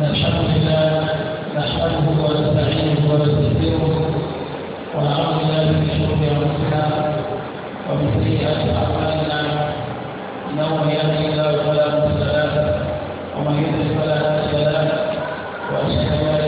الحمد لله ونستعينه ونستغفره ونعوذ بالله من شرور انفسنا ومن سيئات اعمالنا انه من يهده الله فلا مضل ومن يضلل فلا هادي له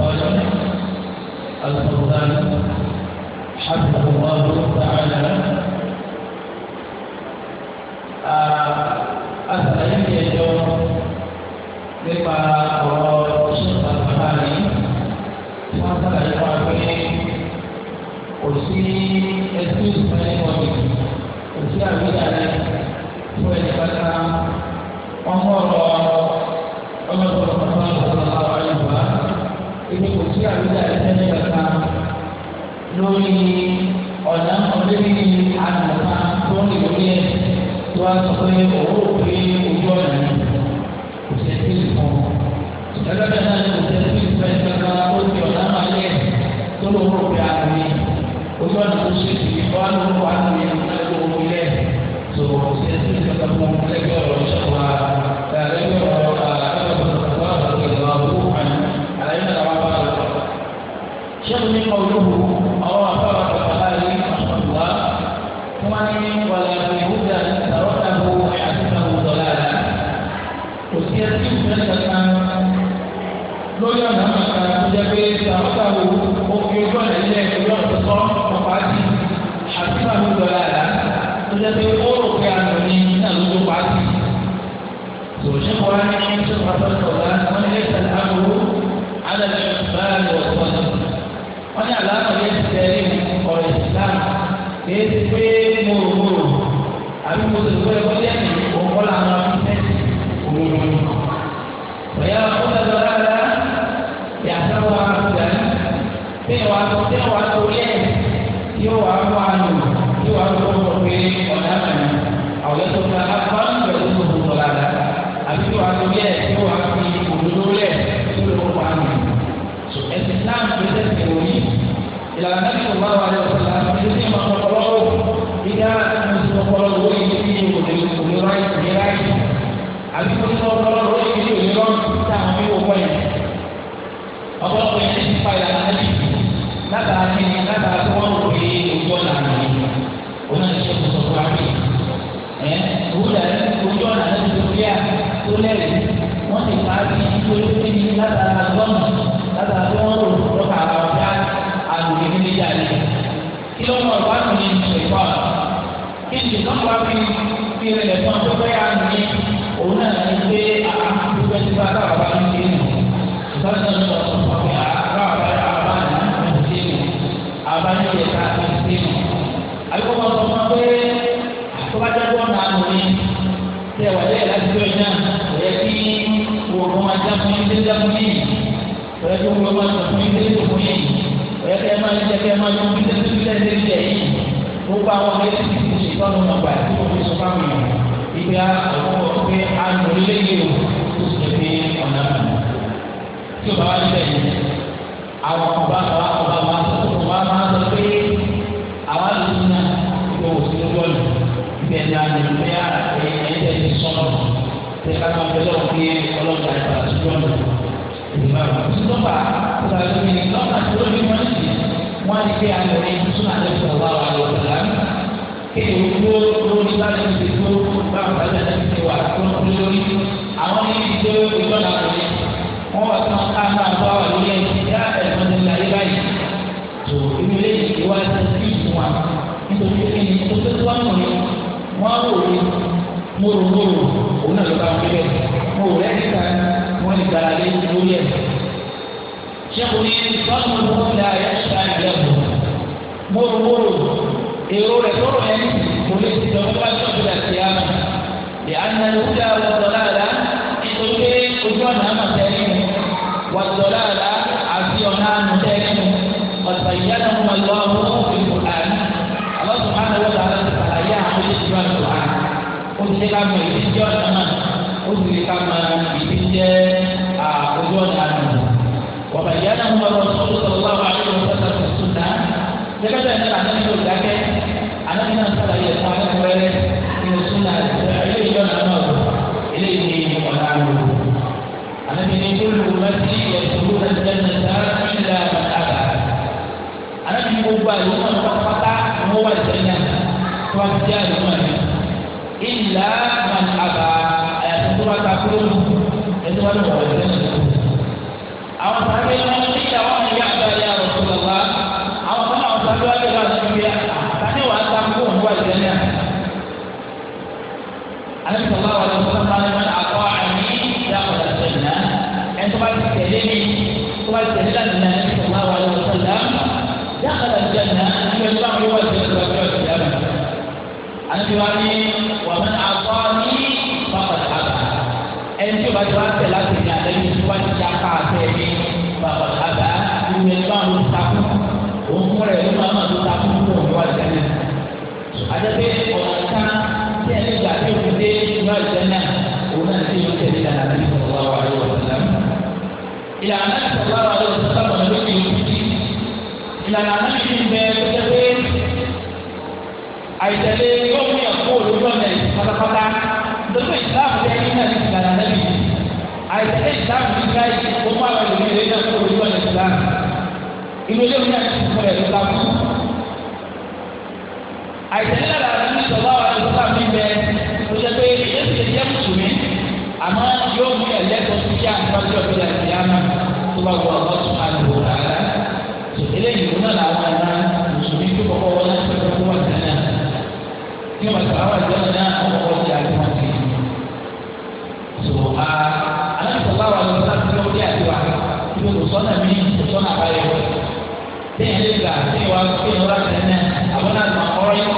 صالح الفضال حفظه الله تعالى أسألك يا جواب nípa ọ̀rọ̀ ìṣèjọba bàbá mi tí wọ́n sábà yẹ wá pé kò sí ẹtí ìfẹ́ wọ̀nyí kò sí àwíyá rẹ̀ fún ẹ̀jẹ̀ bàtà ọmọ ọ̀rọ̀. àbíjà ẹsẹ̀ kẹta lórí ọ̀nà ọ̀dẹ́bí àgbàta tó ń lórí ẹ̀ tó wá sọ pé òwò pé ojú ọ̀nà ni kò ṣe sí ìfọ̀n. Ìjọba bẹ́ẹ̀ náà ni kò ṣe sí ìfẹ́ kẹta ó ti ọ̀nà àmàlẹ́ tó ló rò pé àgbẹ̀ ojú ọ̀nà tó ṣe sí ìfọ̀n ló wà lórí ẹ̀kọ́ ẹ̀kọ́ òwò ilẹ̀ tó kò ṣe sí ìfẹ́ kẹta fún ẹgbẹ́ ọ̀rọ̀ mú àánú tí wàá tó kọ̀ pé ọ̀dà mẹ́rin àwọn ẹ̀tọ́ fún wa bá ń bẹ̀rù tó kọ̀ tó lára àbí tí wàá tó yẹ tí wàá fi òdodo lẹ̀ tó lè kọ̀ àánú. ẹ̀sìn náà ń pèsè ìròyìn ìlànà náà ti wà wà lọ sọ̀rọ̀ àti tí ma kọ̀ lọ́wọ́ ìdá ìmọ̀sọ̀kọ̀lọ́wọ́ yìí ti ní òdòdó òdòdó láì látara kí ni látara tí wọn ọ̀la rẹ̀ yìí wọn náà ṣe sọ fún àbí ẹ wúlò ẹ ojú ọ̀la rẹ̀ tó fi à tó lẹ́rìí wọ́n ti pa á bí olóògbé ní látara lọ́nà látara tó wọ́n rò lọ́kà ara wọn dá àgbègbè nílé jáde kí ló ń wọ̀ wá nù ní ìfọ̀ kí ni ìfọ̀ wá fi fi rẹ̀ fún ọ̀tọ́fẹ́ yà nù ní òun náà ní pé àkàkùn ah, tó ah, fẹ́ ti bá a káwá bá ń gbé nù bàbá ní ìyẹn ká fi sí nù àbíkó máa sọ fún wa pé àtọ́bájá tó ń dànù ni tẹ wà lẹ́yìn láti tó iná ọ̀yẹ́ kí gbogbo máa já fún yín délé fún yín ọ̀yẹ́ kí gbogbo máa sọ fún yín délé fún yín ọ̀yẹ́ kẹ́ máa ní kẹ́ máa ní kí tẹ́tí tẹ́tí tẹ́tí tẹ́tí tẹ́tí gbogbo àwọn ọmọ yẹn ti ti ṣe tọ́nu ọgbà tí kò fi sọ fáwọn èèyàn ìgbà àwọn ọmọ pé àánú ilé yìí ó sì fi ọ̀nà mọ̀ tí ò bá wá níbẹ̀ yìí àwọn ọba ọba ọba máa sọ àwọn a máa sọ pé àwọn àlùfáà náà ìgbà òsì ń bọ̀lù ibẹ̀ ní àlùfáà ní ara pé ẹ̀yìn tẹ̀ ti sọ̀rọ̀ tẹ̀ ká máa bẹ̀rẹ̀ wọn pé ọlọ́gbà ìgbà àtúntò ọ̀nà ìgbà àtúntò bá ìgbà tó ní lọ́nà tó ní wọ́n ti wọ́n ti gbé àwọn ọ̀rẹ́ ìtúsùn àlẹ́ ìgbà wà wà lọ́wọ́ wọ́n á wò ní mòròmòrò òun náà ló bá wọlé bẹ́ẹ̀ mo rò rẹ́ níta wọ́n lè gbára lé lórí ẹ̀. sẹ́kùn ní sọ́nù ló ń da ayáṣá ìlẹ́kùn mòròmòrò èrò rẹ̀ tó rọ̀ ẹ́ kò lè ti dọ̀ nípa tó ti dàtí á mọ̀. lè ló dá wàtọ̀ láàlá nítorí pé ojú ọ̀nà àmọ̀ tẹ́lẹ̀ mu wàtọ̀ láàlá àti ọ̀nà àmọ̀ tẹ́lẹ̀ mu ọ̀sán ìyá náà mọ̀ lọ́wọ́ ìjọ àtọ̀ á ó ti ká mọ ìdí ìjọ ọ̀nà náà ó sì ká mọ ìdí jẹ́ ojú ọ̀nà àná wàbà ìyá náà wọn lọ sọ́dọ̀ sọ̀rọ̀ wà wà nínú sọ́dọ̀ sọ̀rọ̀ sọ̀dá gẹ́gẹ́ náà ànábi ló dákẹ́ ànábi náà sọ̀rọ̀ yẹ fún akẹ́kọ̀ọ́rẹ́ nínú sọ̀dá ilé ìjọ náà náà lọ ilé ìdí ọ̀nà àná ànábi ní kúlù mẹ́tì ẹ̀sùn ló ń gbogbo àyè wọn pátá wọn wà ìsẹ̀yìn náà tó bá ti jẹ́ àlùmọ́ rẹ̀ ìlà man àbá àyàtọ̀ tó bá ta kúrò ẹ̀tọ́ bá lọ́wọ́ rẹ̀ lẹ́nu. àwọn sàbẹ̀ yẹn wọ́n ní ìyàwó àwọn ìyá àgbà yà rọ̀ tó lọ́wọ́ àwọn sọ́nà àwọn sàbẹ̀ wà lọ́wọ́ àti ìyá sani wà á ta kó òun wà lẹ́nu yà. alẹ́ sọ̀rọ̀ àwọn ọ̀dọ́ sọ́nà máa ń àkọ́ àmì ìyá ọ̀dà sẹ́yìnà ẹ̀ tó bá ti tẹ̀lé mi tó bá ti tẹ̀lé àtúwá ní wàmí àgbọ̀ ní bàbàdà àbà ẹni tí o bá ti wá tẹ̀ láti ní àtẹ̀lé tí wá ti yáka àtẹ̀ ní bàbàdà àbà ìlú ẹgbẹ́ àwọn olùtakù òun fún rẹ̀ ló máa ma ló takù fún òun wá ìjẹ́lẹ̀ àdébẹ́ ọ̀nà kan tí ẹni gbà tí òun dé wá ìjẹ́lẹ̀ òun náà ti yọ tẹ̀lé ìlànà àti ìfọwọ́ wa yóò wọ̀ ìlànà ìfọwọ́ wa yóò sọ́kà ìlànà náà ti bẹ ẹgbẹ́ pé àìtẹ́lé inú ilé mi náà ti fún ẹ̀ lọ́la kù. àìsàn náà la ní sọ̀rọ̀ àwọn àdúgbò mi bẹ tó ṣe pé èyí ti jẹ́ mùsùlùmí àmọ́ yóò mú ẹ̀lẹ́tọ̀ sí kí àtúntò ọ̀gbìn àti àmà tó bá wọ ọ̀gbọ́n tó máa lò rárá. eléyìí wọn náà làwọn ẹ̀rọ mùsùlùmí tó kọ́kọ́ wọn láti fẹ́ fún wọn náà. ní wọn sọ àwọn àjọ náà ọkọ̀ ọ̀gbìn àti wọn wa kí ni wọ́n ti ní àbọ̀nà àgbà ọ̀rọ̀ yìí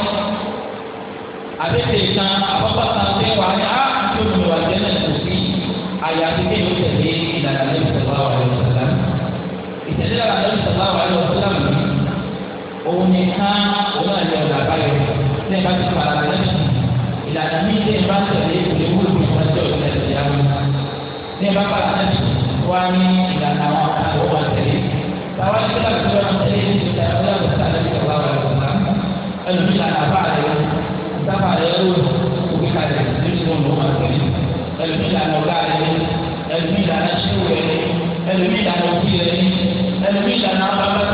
àbí ti kan àbọ̀pọ̀ kan ti wà ní á tó mi wà jẹ́ náà kò sí àyà àti kí ni ó tẹ̀lé ìlànà lórí sọ̀rọ̀ àwọn ọ̀rọ̀ sọ̀rọ̀ ìtẹ̀lé ìlànà lórí sọ̀rọ̀ àwọn ọ̀rọ̀ sọ̀rọ̀ mi òun ni ká òun náà lè ọ̀dà báyọ̀ ní ẹ̀ka ti fara rẹ̀ ìlànà mi ní ẹ̀ka tẹ̀lé ìwé wúlò ìfọ̀jọ́ ìtẹ̀lé ní ẹ̀ka ẹlòmíì là àbá rẹ sábà rẹ ló òkè kalẹ̀ nínú ọmọ ọmọ àgbẹ̀rẹ̀ ẹlòmíì là ọ̀gá rẹ ẹlòmíì là ṣíwò rẹ ẹlòmíì là òbí rẹ ẹlòmíì là àbábá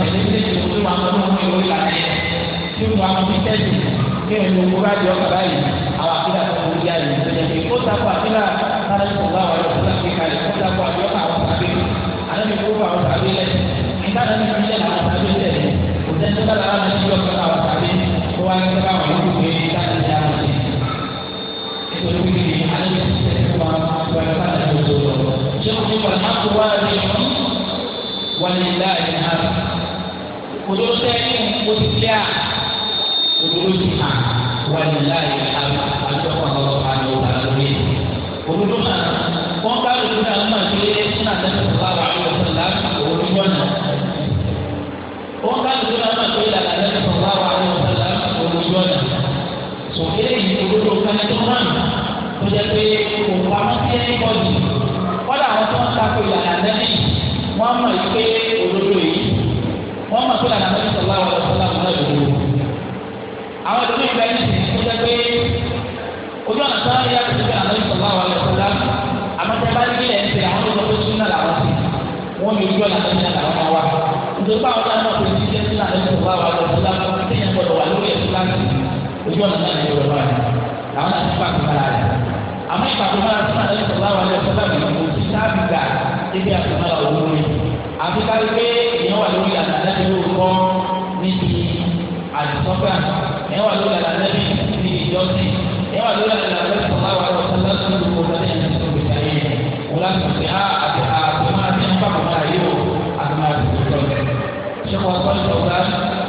tẹ̀lé ní ìlú tó wà mọ́ ní orí ìlànà yẹn tí ó wà mọ́ tẹ́sí kí ẹ̀ ló wúrà jọ kàrá yìí àwọn àfihàn tó wù yá yìí tó yẹ kó takò àfihàn sára ní ìwà wà lọ sílá kíkà yìí kó takò àjọ àwọn tàbí àlẹ́bí kó wà àwọn tàbí lẹ̀ nígbà tó ní ìṣẹ̀lẹ̀ àwọn tàbí lẹ̀ kò tẹ́sí bá làwọn àti yọ kọ́ àwọn tàbí kó wà ní sábà wà lóko pé láti ṣe àwọn ṣe nítorí wípé àlẹ́bí kò tẹ́sí wà wà lọ́kàn àti òṣèlú ṣé kò ní wà ní àkọ́wá rẹ̀ wà ní ilé àyè náà òdodo sẹ́yìn mo ti fi à òdodo ti hàn wà ní láàyè àgbà àjọ kan lọ́wọ́ bá ní ọ̀gá lórí ẹ̀. òdodo hàn wọ́n bá òdodo náà mọ̀ sí ẹ̀sìn àtẹ̀sẹ̀ bàbá wà ní ọ̀sán láti òdodo náà. wọ́n bá òdodo náà mọ̀ sí ìlànà àtẹ̀sẹ̀ bàbá wà ní ọ̀sán láti òdodo náà. sòkèlè yìí òdodo kan tó hàn tó jẹ́ pé kò pamọ́ sí ẹni kọ́ọ̀dù. wọ́n dà tó ń takò ìlànà àtẹ̀sẹ̀ wọ́n mọ̀ pé òdodo yìí wọ́n mọ̀ tó lànà lọ́dún sọ̀rọ̀ àwọn ọ̀dọ́ sọ̀rọ̀ àwọn ọ̀dọ́ àwọn ọ̀dọ́ nígbà yìí ti ṣe jẹ́ pé ojú ọ̀nà sọ̀rọ̀ yà ti ṣe àlọ́ ìsọ̀rọ̀ àwọn ọ̀dọ́ sọ̀rọ̀ àmọ́ tẹ́ bá nílé ẹ̀ ń tẹ àwọn ọ̀dọ́ tó súnà làwọn ti wọ́n mi ojú ọ̀nà sọ̀rọ̀ làwọn máa wà àwọn ọ̀dọ́ náà kò ní ṣe súnà sọ̀rọ̀ àwọn ọ̀dọ́ sọ̀rọ̀ téèyàn gbọ́dọ̀ wà lórí àfi ká pé èèyàn wà lórí ìlànà ànábì lóòótọ́ níbi àdìsọ́fẹ́ àná èèyàn wà lórí ìlànà ànábì níbi ìjọsìn èèyàn wà lórí ìlànà ànábì sọ̀rọ̀ àwọn ọ̀rọ̀ sọ̀rọ̀ lọ́sọ̀rọ̀ lórí ọ̀rọ̀ ní ẹ̀sìn tó gbèsè ayé wọn láti sọ̀rọ̀ pé àti àti máa ti ń bá bọ̀ máa yé àti máa ti tó tọ̀ bẹ́ẹ̀. ṣẹ́kọ̀ ọ̀sán ìjọba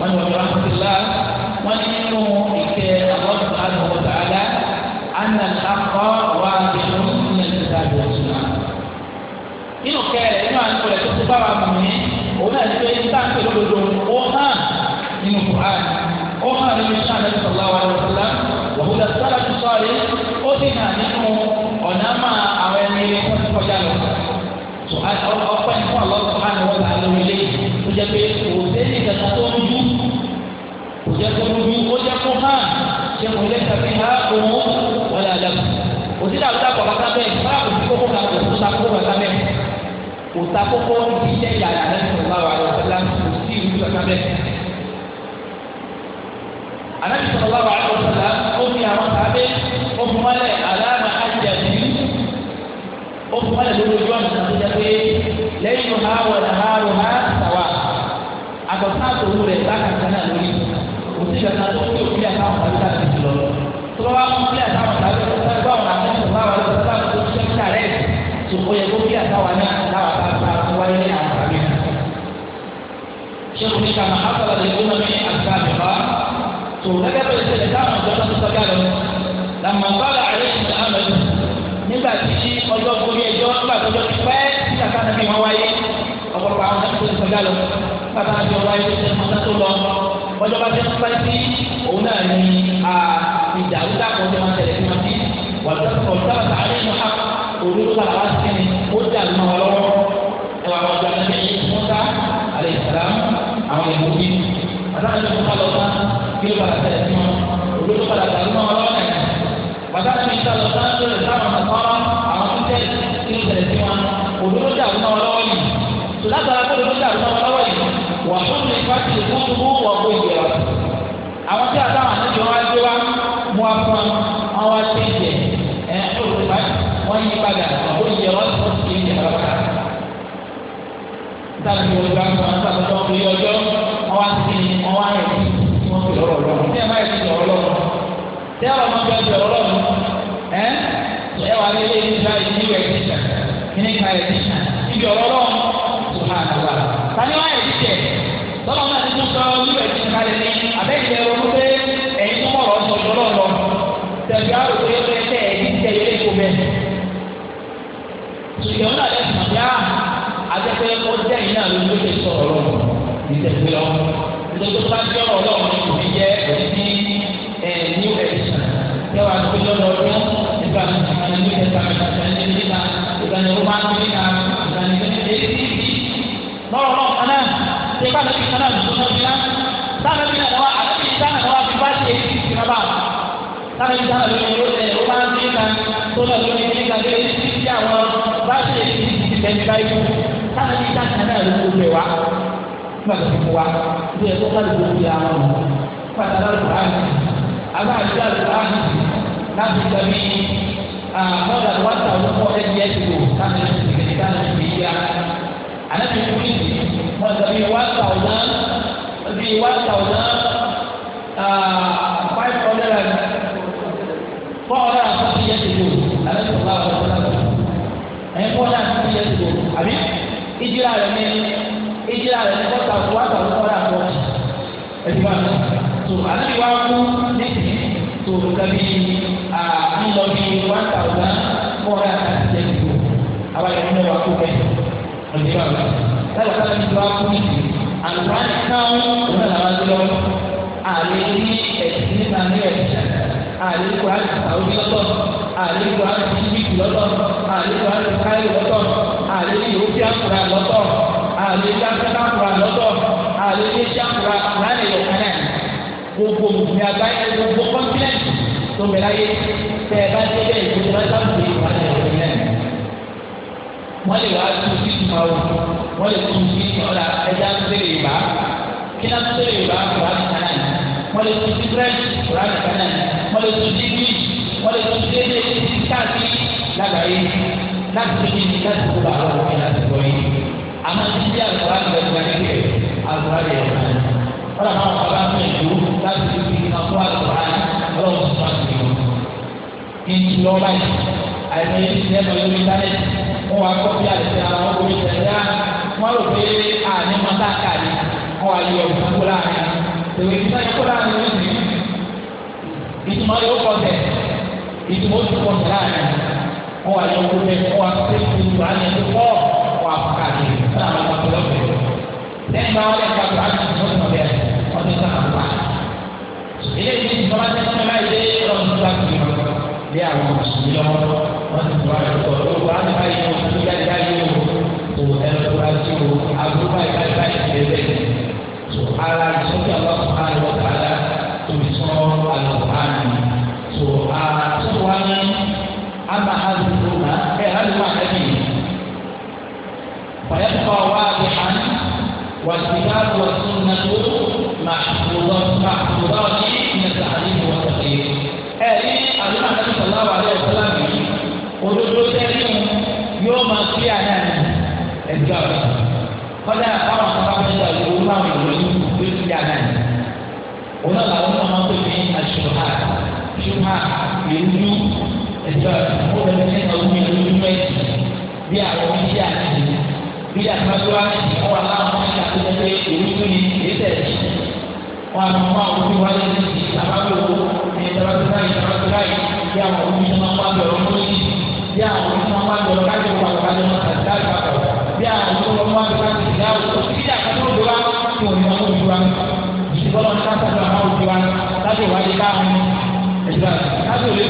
wọn ni wọ́n yọ àkọsílá nínú kẹrẹ nínú àdúgbò rẹ tó tó bá wa mọ̀ ní òun náà ti pé níta ń pè lódodo ó hàn nínú Qur'an ó hàn nínú iṣẹ́ àná sọ̀lá wa lọ sọ̀lá òkúta sọ̀lá ti sọ̀rí ó sì hàn nínú ọ̀nà máa àwọn ẹni ilé wọn ti kọjá lọ. ọ̀pẹ́ ní fún àwọn ọ̀pẹ́ ní wọ́n ta ilé ó jẹ́ pé kò sẹ́ni ìdáná tó ń dú kò jẹ́ kó ń dú ó jẹ́ kó hàn ṣe kò lè tàbí ha òun wọ́n lè àdàkù òsì kò sa kókó bí iṣẹ́ ìyàrá náà ti sọ̀rọ̀ wà lọ́wọ́ sọ́lá kò sí ìlú kankan bẹ́ẹ̀. Ànábì sọ̀rọ̀ wà lọ́wọ́ sọ́lá ó fi àwọn sábẹ́ ó fún wálẹ̀ àlànà àjẹ́ bí ó fún wálẹ̀ lórí ojú ọ̀nà tó jẹ́ pé lẹ́yìn ọ̀há wọ̀nà ha rò ha sàwà àgbọ̀tá àtòwú rẹ̀ bá kankan náà lórí kò sí ìgbà kan tó kí òkú yà táwọn sábẹ́ tó o yẹ kó bí àtàwọn náà láwọn bá bá wáyé ní àwọn àmì náà. sẹ́kùn ní kàmá àbàlà lè gbóná mi àgbà mi wá tó gẹ́gẹ́ bẹ́ẹ̀ ṣẹlẹ̀ táwọn ìjọba tó sọ́jà lọ. làmà bàbá àlẹ́ ìṣẹ̀lẹ̀ àmọ́ nígbà tí ọjọ́ gorí ẹjọ́ nígbà tó ọjọ́ pẹ́ tí kàkà nàbí wọn wáyé ọ̀pọ̀lọpọ̀ àwọn náà tó sọ́jà lọ. bàbá àti ọ̀wá ilé ṣe mọ́tà tó lọ ọjọ́ bá ti ń pẹ́ sí òun náà ní ìdàrúdàpọ̀ tó máa tẹ̀lé sí wọn sí wàlúùdàpọ̀ tó òru ló padà wá sí ni ó dà lù wọn lọ́wọ́ ẹ wà wọn gba ẹni mọ́tà àlẹ́ ìsàlám àwọn èèyàn bí àtàwọn èèyàn tó lọ sá kí ló padà tẹ̀lé sí wọn òru ló padà dà lù wọn lọ́wọ́ náà bàtà tó ìta lọ sá lórí táwọn ọ̀sán àwọn tó tẹ̀ kí ló tẹ̀lé sí wọn òru ló dà lù wọn lọ́wọ́ yìí tó lágbára kó ló dà lù wọn lọ́wọ́ yìí wà tó lè fà ti lè kó tó wọ́n kó ìgbé wa àwọn tí àtàwọn àti wọ́n yí padà àbó yẹ wọ́n tó ti yẹ lọ́kà. Sáà ní wọ́n bá ń sọ̀rọ̀ sábà tó ń fi ọjọ́ wọ́n wá sí ni wọ́n wá rẹ̀ tí wọ́n fi lọ́rọ̀ lọ́rọ̀. Tí ẹ bá yẹ ti lọ́rọ̀ lọ́rọ̀. Tí ẹ bá máa bẹ ọjọ́ lọ́rọ̀ ẹ́ ẹ wà ní ilé ìtura ìdí rẹ̀ ti sà kíní ka ẹ̀ ti sà ibi ọ̀rọ̀ lọ́rọ̀ tó hà nàgbà. Tani wá ẹ̀ ti ìyẹn náà lẹ́sìn àti á àtẹ́fẹ́ ó jẹ́ ìyẹn náà ló ń sọ ọ̀rọ̀ ìtẹ̀gbẹ́ lọ. ìtẹ̀gbẹ́ tó bá jẹ́ ọ̀rọ̀ ọlọ́run kò ní jẹ́ ẹ̀sìn new edition kẹwàá tó fi lọ́dọ̀ ọdún nípa ìtàn new testament ìtàn ní níta ìtàn ní roman níta ìtàn ní eighty lọ́rọ̀ náà kan náà ṣe bá lọ́dún kan náà lọ́dún náà fi ná sáà lọ́dún náà lọ́wọ́ àti ìtàn náà lọ́wọ́ fi bá ṣe eighty ti rọ́bà sáà lọ́dún náà lọ́dún náà lọ́dún náà tọ́lá lórí nígbà tó yẹ kí ti àwọn bá ṣe ti ti tẹ̀lé báyìí táwọn ní káàkiri náà ló gbogbo ẹ̀ wá nígbà tó fi wá bí ẹ̀ tó káàdì gbogbo yà wọn pàtà lálùkù àmì àbá àti lálùkù àmì láti tẹ̀lé mọ́tà wá tà wọ́n kọ́ ẹ̀ díẹ̀ tó káàkiri ti tẹ̀lé káàkiri ti yá àlẹ́ tó kú mọ́tà bí wá tà wọ́n bí wá tà wọ́n alẹ́ tó bá wà lọ́wọ́ lọ́wọ́ ẹ̀ ń bọ́ náà ti fi yẹtù àbí ìjìlá rẹ̀ ní ìjìlá rẹ̀ ní kọ́ta wà tà ó kọ́ra àpọ̀ ẹ̀dí wa tó alẹ́ wa kú ní tìí tó gabi àmúlọ bí wà tà ó kọ́ra àti yẹtù àwọn ẹ̀dí wa kú bẹ́ẹ̀ ẹ̀dí wa lọ́wọ́ sábà ní wa kú ní tìí àlùfáà ní káwọn òun náà wá lọ́wọ́ àlè ní ẹ̀sìn nípa ní ẹ̀sìn àlè kó àti àwọn ọ̀dọ́ àlejò àti bíbí lọ́tọ̀ àlejò àti káyì lọ́tọ̀ àlejò ìhókè àkùrà lọ́tọ̀ àlejò àfẹ́ká àkùrà lọ́tọ̀ àlejò ìṣẹ́ àkùrà láàrin ìyọ̀kan náà gbogbo òmùmí àgbáyé gbogbo kọ́ńtínẹ̀tì tó bẹ̀rẹ̀ ayé tẹ̀ bá dé bẹ́ẹ̀ ìgbésẹ̀ bá sábà dé ìwádìí ọ̀rẹ́ náà wọ́n wá sí ìtumọ̀ wọ́n lè tu sí ọ̀la ẹja ńlẹ̀ yorùbá kí wọ́n lè tún dé lé títí káàkiri lágbàáyé láti tún yìí láti kó bàbá wọn ní láti gbọ́ yìí. àmọ́ títí àgbà rẹ̀ gba níbẹ̀ àgbà rẹ̀ gba ní. wọ́n lọ máa bàbá mi ìlú láti fi fi àpò àgbà ọlọ́run sọ àti ìlú. kí n lọ báyìí àìmọye ti tẹ́ lọ lórí tálẹ̀ wọ́n wá kọ́ bí àlejò ara wọn kò tẹ̀ dá wọ́n rò pé àní máa bá kàlí wọ́n wá yọ ìfúnkó láàrin. èwe ìfúnkó láàrin ló ń sìn ìtumọ̀ yóò kọ́ tẹ̀ ìdìbò ti pọ̀ sí láàrin wọn wà yọ kúrò bẹ́ẹ̀ wọn wà pé ìdìbò àná ẹni pọ̀ wọn àfọkà ní sáà wọn pàtó lọ́fẹ̀ẹ́ lẹ́yìn bá wọn lẹ́yìn pàtó àná ìdìbò tó bẹ̀ wọn ti sáà wà. ilé ìdí ìdìbò máa tẹ́tí mẹ́ta ilé ọ̀run tó bá ti mọ̀ lé àwọn mùsùlùmí lọ́wọ́ wọn ti tó àyè tó lọ́wọ́ wọn ti báyìí wọn ti tó jáde báyìí wọn tó ẹnu tó bá ti wọn àbúrò báyìí báyìí الكتاب والسنة محفوظات من التعليم والتقليد ẹ̀rí àdúrà nàbí sọ̀láwà àlẹ́ ọ̀sọ́lá mi òdodo sẹ́yìn yóò máa fi àná ẹ̀dùn ọ̀rọ̀ kọ́dà báwọn kan bá fẹ́ lọ ìlú báwọn ìlú yìí tó ti di àná yìí òun náà làwọn ọmọ tó fi àṣùhà ṣùhà ìlú ẹ̀dùn ọ̀rọ̀ kó lè fi ẹ̀dùn ọ̀rọ̀ bí àwọn oníṣẹ́ àná bí àtúntò wọn wà láwọn ọmọ ìyá tó tẹ ìrújú ni ètè wọn àti ọmọ àwọn òbí wálé ní ti sábàbí owó ní ìtàbátúrá ìtàbátúrá yìí bí àwọn òbí tó máa ń wájú ọ̀rọ̀ mọ́lẹ́ yìí bí àwọn òbí tó máa ń wájú ọ̀rọ̀ kájọ wà lọ́kàjọ máa tàbí dáàbò àbọ̀ bí àwọn òbí tó máa ń wájú kájọ ìyá òkú bí àtúntò òbí wa kí òbí wọn òbí wa ìṣèkọ́lọ́ ní káṣáṣá àwọn òbí wa láti ìwádìí káwọn ẹ̀dá láti òlé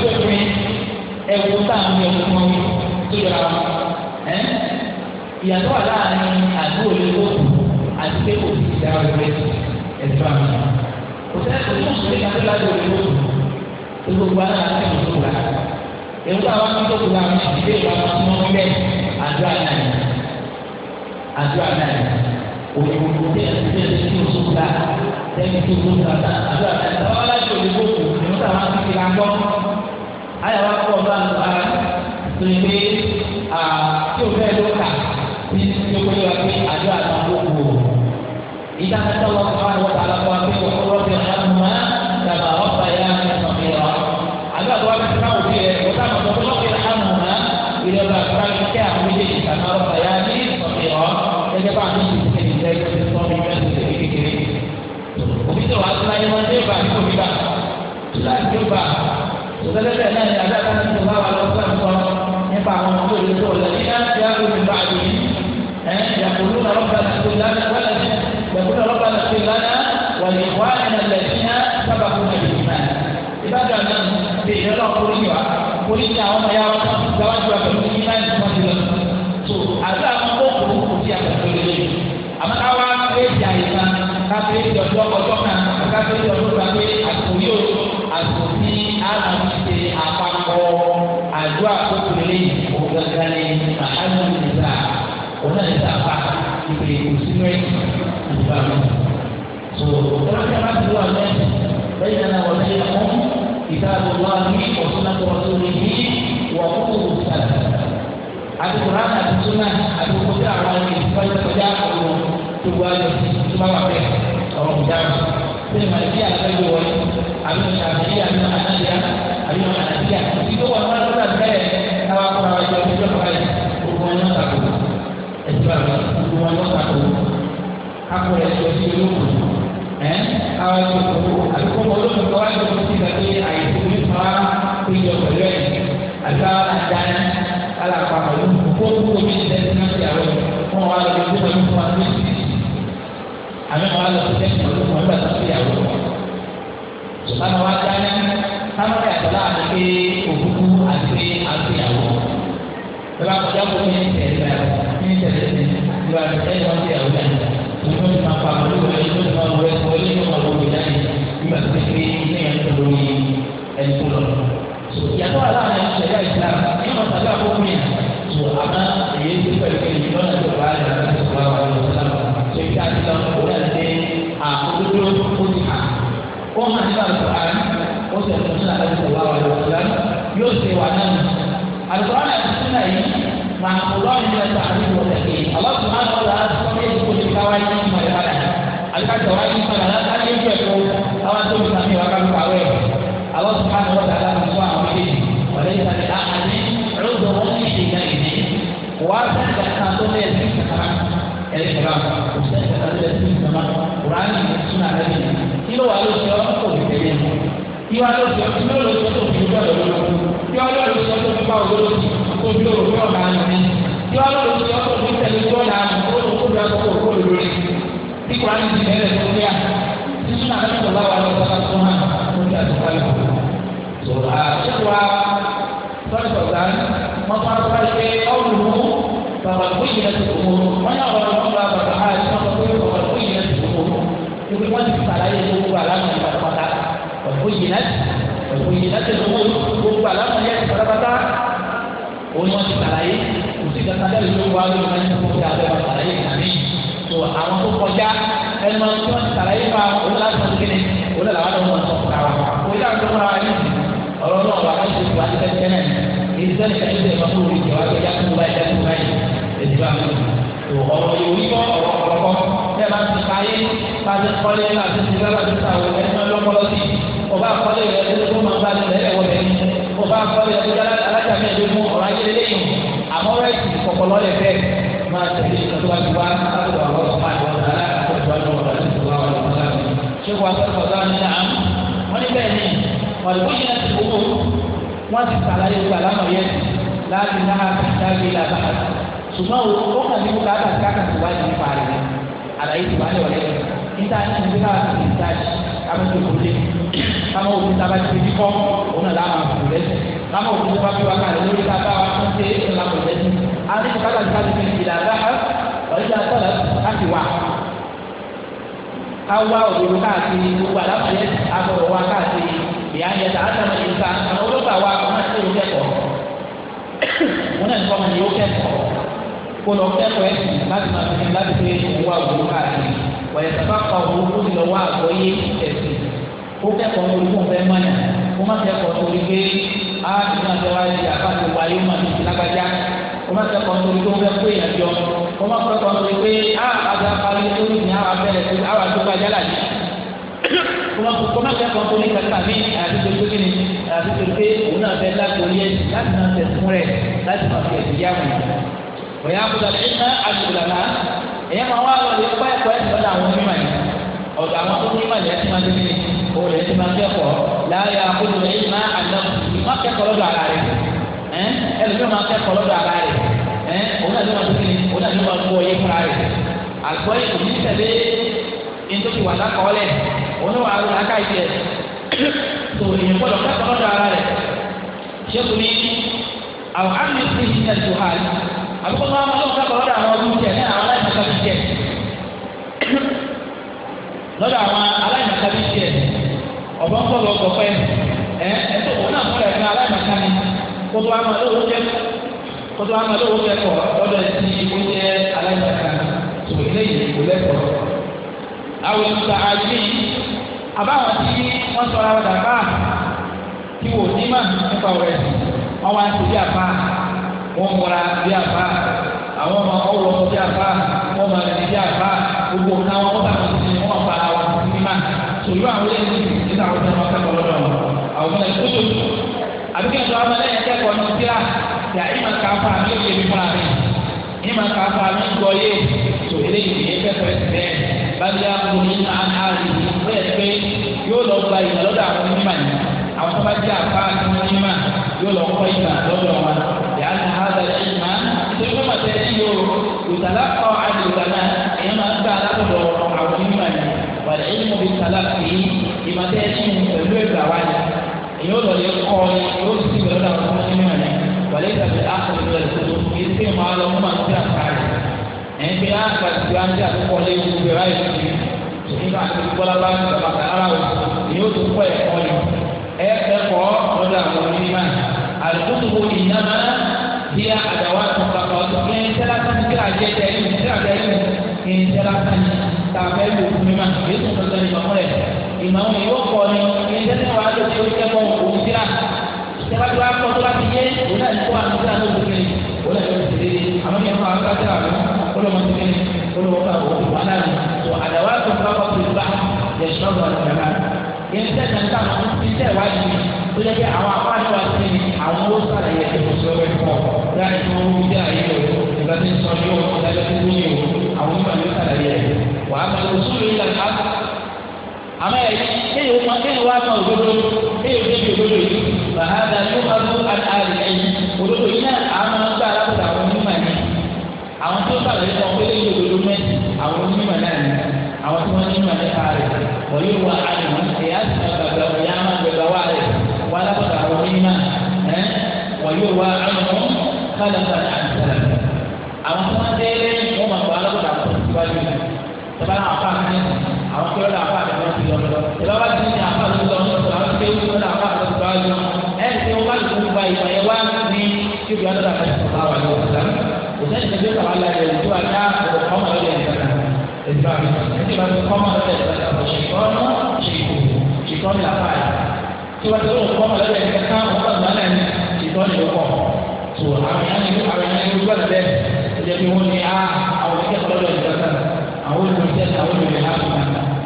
ìyàtọ̀ wà láàrin àdúgbò lè tó àti pé kò sí ìdá ọ̀rẹ́ ẹ̀sùn àmì kò sẹ́yìn kò tún sùn nípa tó bá dòwe tó tó gbogbo àwọn àti ìlú tó wà èwú àwọn tó tó wà ní ìdílé ìwà wọn tó wọn bẹ àdúrà náà àdúrà náà òwe gbogbo tẹ ẹ ti tẹ ẹ ti tó gbà tẹbi tó tó gbà náà àdúrà náà tẹ wọn láti òwe tó èwú àwọn àti ìlú tó yẹ pé tí o fẹ́ ló ní ti tó ada wá pé àjọ àti àkókò ìdáná wà fún àwọn ọ̀tá alákọ̀ọ́ pé wọ́n rọ́ọ̀bì àmọ́ dàbà ọ̀fà yá ìsọ̀mìlá àjọ àti wọ́n ti fún àwọn òbí rẹ̀ wọ́n sábà sọ pé rọ́ọ̀bì àmọ́ ìrẹ̀lẹ̀ àkàrà ìkẹ́ àwọn méjèèjì dàbà ọ̀fà yá ní ìsọ̀mìlá gẹ́gẹ́ bá àti ìsìnkẹ́ ìsọ̀mìlá ìsọ̀mìlá ìsọ̀mìlá nípa àwọn ọmọ òde tó lẹ́yìn náà ti يقولون ربنا اغفر لنا ولنا يقولون ربنا اغفر لنا ولإخواننا الذين سبقونا بالإيمان عباد الله في إجراء قريبا قريبا وما يعرف زواجها بالإيمان فضلا àdúrà wọn kó kó kó sí àgbàdo lélẹ̀ àmọ́ káwá éjì àyíká káfí éjì ọjọ́ ọjọ́ kan káfí éjì ọjọ́ kan pé àtò yóò àtò ní àlàmúṣe àpapọ̀ àdúrà tó kù lélẹ̀ òun gangan ní àhánú nìyíra òun náà ní sàfà ìpè òsínú ẹ̀sìn ìgbà mi. so ọlọ́dẹ bá ti wà mẹ́sì lẹ́yìn náà wọ́n ti yàn wọ́n ìdáàbò wá ní ọ̀túnàtọ̀ ọ̀tún ní bí wọ́n kó kó sàlẹ̀. àdìkùrá àti súnà àdìkùrá tí àwọn ẹni ìfọyín kọjá àwọn tó wá lọ sí tó bá wà bẹ́ẹ̀ ọ̀rọ̀ kò dáhùn. sẹ́yìn màá ní àgbẹ̀wò wọlé àbí àbíyá àbí ànáyà àbí ànáyà ìdíwọ̀ àwọn ọlọ́dà bẹ́ẹ̀ káwá kọ́ra wájú ọ̀gbẹ́jọ́ ẹ̀sìn àgbà gbogbo wọn yọ kakó kakó rẹ̀ ṣe ti olóko ẹ̀ káwá ti olóko àdúgbò wọn olóko kọ́ wáyé wọn ti gbàgbé àyèkú nípa péjọ pẹ̀lú ẹ̀ àgbà àdáni alàpà pẹ̀lú kó kó omi ti tẹ̀sí náà ti àwẹ̀ wọn wà lọ sí pẹ̀lú fún wa ní ìsìn àmì wọn lọ sí tẹ̀sí pẹ̀lú fún wa nígbà tó ti àwẹ̀ wọn. sùpàmù wa dáná táwọn ẹ̀sọ́ láàrin pé òkúkú àti àti àwọ̀ ẹ bá kọjá kó omi ti tẹ̀sí náà ní tẹ̀lé ní ìwà ẹ̀yìn wọn ti àwọn ìyàwó ìlú ti máa pa àwọn olùwà ìlú ti máa wọlé wọlé ní ọmọ òbí náà ìgbà tó ti fi ní ẹ̀ ń tó lórí ẹni tó lọ. ìyàtọ̀ aláàbẹ̀ ìṣẹ̀lẹ̀ ìsìlám ní wọn tàbí àkókò yẹn tó àmà èyí ti pẹ̀lú ẹni lọ́nà tó bá yàrá tó bá wà lọ sílámù tó ìta ti lọ kó yà dé àkókò tó ti hà. ó máa ní bàbá àárín ó sì ẹ̀sọ́ sílá مع الله من التعريف والتأكيد الله سبحانه وتعالى سبحانه يقول الكواكب ما يفعلها الكواكب ما يفعلها أن يجعلوا أو أن تبقى وكم كواكب الله سبحانه وتعالى سبحانه وتعالى وليس لأحد عذر حينئذ واسع كأن تقول يزيد كمان ẹni kaba ọsẹ ẹsẹ ẹsẹ ti sama kurani suna ẹni kilo wa ló sọ kò ní tẹ́lẹ̀ kilo wa ló sọ kilo ló sọ tó fi gbọ́dọ̀ lọ kilo wa ló sọ tó fi bá òwò lọ sí tó fi lóru fún ọ̀la àná mi tí wọ́n lọ́ọ́ lọ́ọ́ lọ́ọ́ fi tẹ̀lé fún ọ̀la àná kó lóko lọ́ọ́ kó kó kó lórí tí kò á ní ti bẹ̀rẹ̀ tó fíà tí sún àná tó bá wà lọ sọ́kà tó hàn ó ti àti kálí kò tó a ṣe wá sọ́ọ̀tì ọ̀gá wọ́n tún á sọ́ọ́ ṣe ọ̀rùn mú bàbá gbóyè ẹ̀ tó mú wọ́n yà wọ́n lọ́ọ́ bá bàbá á ti sọ́ọ́ pé bàbá gbóyè ẹ̀ tó mú ibi wọ́n ti sàlàyé gbogbo àlámọ̀ ìbàdàn pátá ọ̀gbóyè náà ọ̀gbóyè náà ti mú gbogbo àlámọ̀ yẹn ti pátá pátá òun ni wọ́n ti sàlàyé kò sí kàtà bẹ́ẹ̀ ló wà lórí wọn ní ọkọ̀ àti ọba sàlàyé kàmí tó àwọn tó kọjá ẹnu wọn tí wọ́n ti sàlàyé fa òun láti wọn kéde òun lọ́la wà lọ́wọ́ sọ fúnra wa òun yà tó fúnra wa ní ọ̀rọ̀ náà wà láti tó àti tẹ́tẹ́ náà èyí sẹ́ni kẹ́kẹ́ sẹ́ni wọn tó rí ìjọba tó yá tó báyìí tó báyìí èyí bá mi tó ọ̀rọ̀ yòówí kọ́ ọ̀rọ̀ kọ̀ọ̀kọ́ ẹ máa ti káyé láti kọ́lé láti ti láti sàwọ̀ ẹni máa lọ́kọ́lọ́ sí ọba àkọ́lé rẹ̀ tó tó máa bá ti lẹ́yẹ̀ lẹ́yìn àmọ́ rẹ̀ ti kọ̀kọ̀lọ́ lẹ̀ bẹ́ẹ̀ máa tẹ̀lé ìtọ́jú wa látọ̀dọ̀ àwọn ọ̀sán àti ọ̀sán aláàtọ̀dọ̀ àwọn ọ̀sán àti ọ̀sán ṣé wàá sọ̀rọ̀ sọ̀rọ̀ ní àm wọ́n ní bẹ́ẹ̀ ni ọ̀dùnkún yẹn ti gbogbo wọ́n ti sàlàyé gbogbo àlámọ̀ yẹn láti náà dágbé làbá ṣùgbọ́n ó kàn ní bùkátà tí a kàn ti wá ní ipa rẹ̀ àlàyé ti wá ní ọ̀rẹ́ rẹ̀ níta ní ìdílé náà ti ń dájú kámẹ́tò kò dé kámẹ́tò kò dé tábàtì kíkọ́ òun náà kámọ̀ òkú tó bá fi wá kalẹ̀ lórí ká bá wa tó ń ṣe ìlànà ìjẹ́ sí a ní bùkátà ti káàdì fún ìlà àgbà ọ̀yẹ́dì àtọ́lá láti wà ká wá òdodo káàkiri gbogbo àlàfẹ́ àbọ̀wọ̀ wa káàkiri ìyá yẹn tà á sàmì ìta àwọn olóògbà wa wọn náà ti kẹ́kọ̀ọ́ wọn náà nìkan ni ó kẹ́kọ̀ọ́ kó lọ kẹ́kọ̀ọ́ ẹ̀sìn láti máa fi láti fi wá òdodo káàkiri wọ̀nyẹ̀ sábà kọ òun kó ti lọ wá àgbọ̀yé ẹ̀sìn kó kẹ́kọ̀ọ́ orí fún fẹ́ mọ́nyà kó má kẹ́kọ̀ọ́ orí pé a ah, ìgbà tó wáyé ti àbá ti wáyé ó máa ti lágbájá wọ́n máa tẹ̀kọ́ nítorí tó fẹ́ pé ìyàjọ wọ́n máa tẹ̀kọ́ nítorí pé a àgbà parí tó ní ìyá wa bẹ̀rẹ̀ sí àwọn àdúgbò ajálà yìí wọ́n máa tẹ̀kọ́ nítorí kàkà mí àti tó tó kíni àti tó pé òun náà fẹ́ láti orí ẹ̀sìn láti máa tẹ̀sùn rẹ̀ láti máa fi ẹ̀sìn yá wọn. bọ̀yá àbúdá ẹ̀ ná àgbègbè náà ẹ̀yẹ́ máa wá lọ lè pẹ́ ẹ̀kọ́ ẹ̀ má kẹ́kọ̀ọ́ lọ́dọ̀ ara rẹ̀ ẹ́ ẹlòmíràn má kẹ́kọ̀ọ́ lọ́dọ̀ ara rẹ̀ ẹ́ òun náà ló máa tóbi òun náà ló máa gbọ́ ọyẹ fúnra rẹ̀ àgbọ̀ yìí kò ní tẹ̀lé nítorí wà lákọ̀ọ́lẹ̀ òun náà wà á lọ́dọ̀ aká ìjẹ tó èèyàn gbọ́dọ̀ kẹ́kọ̀ọ́ lọ́dọ̀ ara rẹ̀ ṣé kò ní àwọn àmì sí ìṣẹ́ tó hà ní àbúkọ́ máa máa lọ́dọ̀ kẹ́kọ̀ọ́ lọ́dọ̀ àwọn ọdún jẹ ní àwọn aláìmọ̀ká bí jẹ lọ́dọ̀ àwọn aláìmọ̀ká bí jẹ ọ̀bọ̀n kọ́ lọ́kọ̀ọ́kọ́ ẹ ẹtọ wọn náà fọlẹ fún aláìmọta ni kótó àmọ́ lówó jẹ kótó àmọ́ lówó jẹ kọ lọ́dọ̀ ẹtì oúnjẹ aláìmọta tó eléyìí kò lẹkọ. àwọn ìgbà àjẹ àbáwọn tí wọn sọ ara wọn dàgbà tí wò ní mà nípa ọ̀rẹ́ wọn wá sí bí àpá wọn múra bí àpá àwọn ọmọ ọwọ́ bí àpá wọn máa rìn bí àpá gbogbo nǹkan wọn wọn bá wọn sí wọn fara wọn sí mímà tòlú àwọn eléyìí nígbà wọn tẹ wọn kẹ́kọ̀ọ́ lọ́dọ̀ wọn àwọn ọmọ ẹ̀kọ́ tó tó àbí kẹ́kọ̀ọ́ àwọn ẹlẹ́yìn kẹ́kọ̀ọ́ ní tíra yà í máa kà fà mí òkè mi fúnra mi í máa kà fà mí gbọ́ yé tó eléyìí ní kẹ́kọ̀ọ́ ẹ̀sìn bẹ́ẹ̀ bàbá àwọn ọmọ yìí máa ń hàrì bẹ́ẹ̀ pé yóò lọ gba ìgbà lọ́dọ̀ àwọn onímọ̀ ni àwọn tó bá jẹ́ àbá àti onímọ̀ yóò lọ kọ́ ìgbà lọ́dọ̀ wọn yà á hàrà ìmọ̀ tó ń bá tẹ̀ sí yòó ìtàlá kọ́ àdìgbà náà èèyàn máa ń gbà látọ̀dọ̀ àwọn onímọ̀ ni wà èyí ó lọlé kọ́ ni yóò sì ti gbẹ̀rẹ̀ àwọn ọmọ nínú ẹ̀ wàlẹ́ ìtàgé àkàtúntò rẹ̀ tó tó kí sí máa lọ mú àti àkàrẹ̀ ẹ̀ ń bí àkàtúntò àti àkókò lé gbogbo ẹ̀ láì fi nígbà tí bọ́lá bá ń sọ̀rọ̀ ara o èyí ó tó kọ́ ẹ̀kọ́ ni ẹ̀ ẹ̀kọ́ lọ́dọ̀ àwọn onímọ̀ àlùkò tó hiya adawatu kakawatu ilẹ̀ iṣẹ́ lásán ní kíra jẹ́ tẹ̀ ẹ̀mí kíra tẹ̀ ẹ̀mí iṣẹ́ lásán ní tàbẹ́ lò fún mi máa yóò tún tọ́jú ìmọ̀ mọ́lẹ̀ ìmọ̀ mi yóò kọ́ ni iṣẹ́ tí wàá lò tó jẹ́ mọ́ òun kíra ìjọba tó wá kọ́ tó bá ti yé òun náà ní kó àti kíra ló ti kiri òun náà ló ti kiri àmọ́ mi fún akọ́kọ́ kíra mi olùmọ̀ ti kiri olùmọ̀ kà òun ti wà náà ni àdàwà tó kọ́ irinṣẹ́ náà nígbà wọn irinṣẹ́ ìwádìí tó jẹ́ pé àwọn apáṣọ àti àwọn ó sàlàyé ẹ̀sìn kò sọ wẹ́ẹ́ pọ̀ láti fún owó bí ayé o ìgbà tí ń sọ yóò ìdájọ́ tó ní o àwọn onímọ̀ yóò sàlàyé ẹ̀ wàá mọ òṣùlù ìlà káàkó àmọ́ ẹ̀ kéèyàn ó mọ kéèyàn wá mọ òdodo kéèyàn ó débi òdodo yìí bàhádà yóò máa ló àlè ẹ̀yìn òdodo yìí náà àmọ́ gbà alákòóso àwọn onímọ̀ ni àwọn tó sàlàyé sọ pé lè àwọn tí wọ́n nínú ẹ̀ka rẹ̀ wọ́n yóò wá àyàn ẹ̀yà sì máa gbàgbà wọ́n yá máa gbàgbà wá rẹ̀ wọ́n alábàtà àwọn onímọ̀ ẹ̀ wọ́n yóò wá àyàn kálá sàn àǹtẹ̀rẹ̀ àwọn tí wọ́n délé wọ́n máa gbọ́ alábàtà àwọn síwájú tọ́ba náà apá mi àwọn tí wọ́n lọ apá mi wọ́n ti lọ lọ ìlọ́wọ́ ti ní apá mi lọ lọ́sọ̀rọ̀ àwọn tí wọ́n lọ apá mi síwájú ẹ̀ ṣe wọ́n bá lù fún ba ìgbà yẹn wá ní kí ìgbà lọ́dọ̀ àfẹ́ sọ̀rọ̀ àwọn ọ̀sán tí wọ́n ti kọ́ ọmọ lọ́dẹ̀ ìgbàlẹ̀ ọ̀rọ̀ ṣèkọ́nà ṣèkò ṣèkọ́nà làbá yìí tí wọ́n ti kọ́ ọmọ lọ́dẹ̀ ìgbàlẹ̀ ọ̀rọ̀ ṣèkọ́nà ní ṣèkọ́nà ló pọ̀ tó àwọn yẹn ní ní gbọ́dọ̀ bẹ́ẹ̀ ní á àwọn àwọn olùkọ́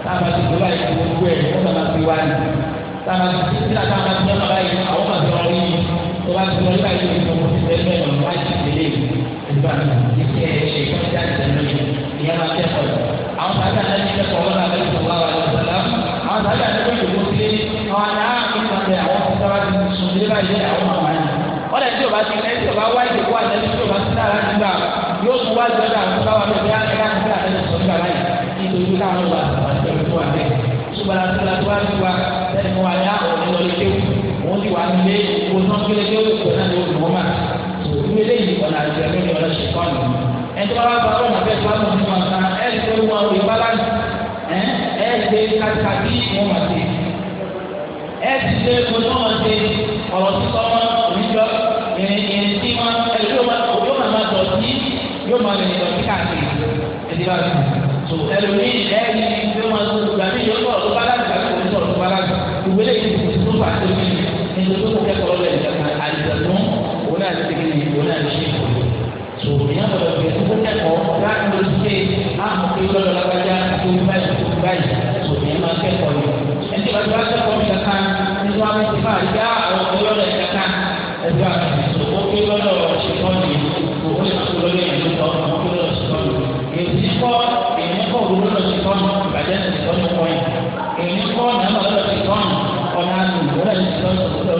àwọn àwọn máa fi wọ́n àwọn sábà àlejò kẹ́kọ̀ọ́ lọ́dọ̀ àlejò sọ̀rọ̀ àwọn àlejò sọ̀rọ̀ àwọn sábà àlejò ìdòwò sílé àwọn aláà nípa tẹ àwọn sábà ti sùn lé báyìí àwọn àwọn àyè wọ́n lè tí o bá ti ẹ tí o bá wá ìdòwò àlejò tí o bá ti dára yóò tún wá jọ́dá àwọn sábà bẹ̀rẹ̀ bí a kẹ́kẹ́ àti àlejò sọ̀rọ̀ báyìí nítorí káwọn wà àti ìdòwò àlejò subala sila tó bá ti wa ẹni mo wà yá òní lé kéwù ti wà nílé òun náà kéle kéwù kò náà ló mọ̀ ọ́ tó ìwé lẹ́yìn ọ̀nà àti ẹ̀mí ni ṣe kọ́ ọ̀nà ẹtọ́ wa bá ọ̀nà bẹ́ẹ̀ tó wà lọ́wọ́ nínú ọ̀sán ẹ̀ ẹ̀ tó wọn òye balance ẹ̀ ẹ̀ ṣe kàtàkì wọn wà sí ẹ̀ ti ṣe ojú wọn ṣe ọ̀rọ̀ sísọ wọn oníjọ ìrìn tí wọn ẹ̀ yóò máa máa dọ̀ sí yóò máa lè dọ̀ sí káàkiri ẹ̀dí bá mi tó ẹlòmíì ẹ̀ ní bí wọn tó gbà mí yóò tọ̀ tó balance gbà kò ní tọ̀ tó balance ìwé lè yí tó fà á tó mi ní sòwòrìyàn lọ bẹ ẹgbẹ kẹ́kọ̀ọ́ láti lọ sí pé àwọn òkè lọlọ lágbájá tó báyìí tó báyìí sòwòrìyàn máa kẹ́kọ̀ọ́ yìí ẹni tí wàá kẹ́kọ̀ọ́ mi kankan nínú àwọn ti máa yá àwọn òkè lọlọ yìí kankan ẹgbẹ àwọn òkè lọlọ ṣèkọọ yìí òkè lọlọ yìí lọlọ òkè lọlọ ṣèkọọ yìí èyí kọ èyí kọ òwúrọ̀ lọ ṣèkọọ ìbàjẹ́ ṣèkọọ ní kọ́ yìí èyí kọ nàmọ́ lọ ṣèkọọ ọ̀nà àlùkò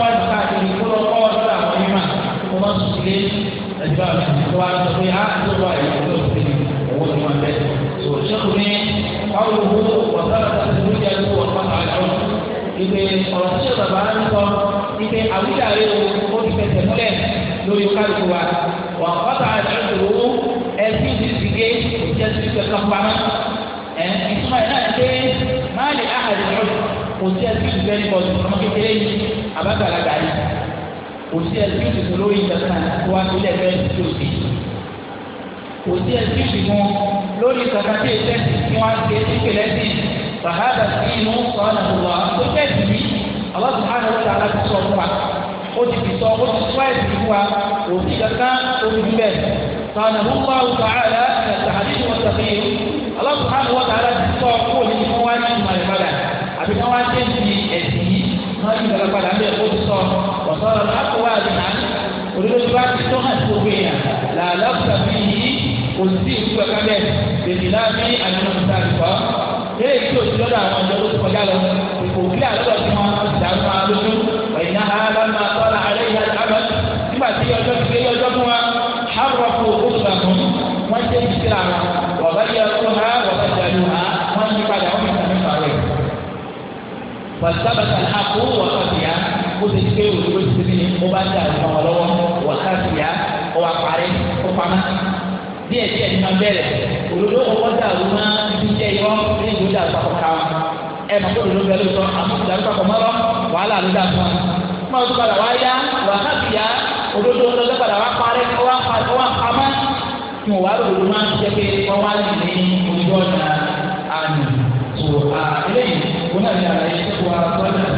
lọ ṣèkọọ sí ẹ̀dùbà tó ah, wà lọ pé á tó wà ìlú tó ti owó tó wà bẹ́ẹ̀. tó sẹ́kù ní ọ̀rọ̀ owó wàtàlà tó ti lókè ẹ̀dùn wọ̀tá àjọ. ìpè ọ̀rọ̀ tí sọ̀rọ̀ bá ń sọ ìpè àwùjáre o ti fẹsẹ̀ múlẹ̀ lórí kálukú wa. wà wọ́tà àjọ ìṣòro ẹ̀sìn ìdíje òjẹ́ sí ìfẹ́ kọ̀ọ̀tù ọmọ kékeré yìí àbágbàlagbà yìí kò sí ẹsẹ̀ ìdìbò lórí ìjọba tó wá sílẹ̀ bẹ́ẹ̀ ní tòsí kò sí ẹsẹ̀ ìdìbò lórí ìjọba tí èsẹ̀ tí wọ́n ti ẹsẹ̀ ìpìlẹ̀ sí bàhádà sí inú sọ̀rọ̀ lọ́wọ́ tó tẹ̀sí mi àwọn tó hàn wọ́n tààlà ti sọ fún wa ó ti fi sọ ó ti sọ ẹ̀sìn fún wa kò ìjọba tó fi bẹ́ẹ̀ sọ̀rọ̀ lọ́wọ́ tààlà Allah subhanahu wa ta'ala ti sọ kó ní kí wọ́n wá ní ìmọ̀ ìpadà àbí ọ̀sọ̀rọ̀ lápòwá àdìmá olórí bá ti tó hàn tó gbé yàn làálà sàmì yìí kò sí ìlú ẹ̀ka bẹ́ẹ̀ bèbí náà ní àdìmọ̀ nípa àdìkọ́ eléyìí tí òsì lọ́dọ̀ àwọn ọ̀dọ́ ló ti kọjá lọ kò kí àlọ́ máa lójú ọ̀yìnà alámà tọ́lá alẹ́ nígbà tí ọjọ́ ti gbé ọjọ́ fún wa hárọ̀kù òkúta fún wọ́n ṣe ti síra wọn wọ́n yẹ kó ha wọ́n bá jẹun ha wọ́n yí padà wọ́n fi sàmì pàrọ̀ pàṣẹ bàtà àkó wọ́n kọ̀ bó ṣe ti pé òṣèlú ti ti ní ó bá dà ìfọ̀n wọn lọ́wọ́ wọ́n ká sí ya ó wá parí ó pamá díẹ̀ díẹ̀ ni máa bẹ̀rẹ̀ òdodo ọkọ̀ dàrú máa ti jẹ́ irọ́ ní ìlú dàrú papọ̀ ká wọn ẹ mọ̀ kó òdodo bẹ̀rẹ̀ lóòótọ́ àmọ́ dàrú papọ̀ mọ́rọ́ wàhálà ló dà fún wọn. máa tó padà wá yá wọ́n ká sí ya òdodo ọlọ́dọ́ padà wá parí ó wá pamá kí wọ́n wá òdodo máa ti jẹ́ pé wọ́n wá ní ojú ọ̀nà àná tó eléyìí wọ́n náà ní àlàyé tó wà lọ́dọ̀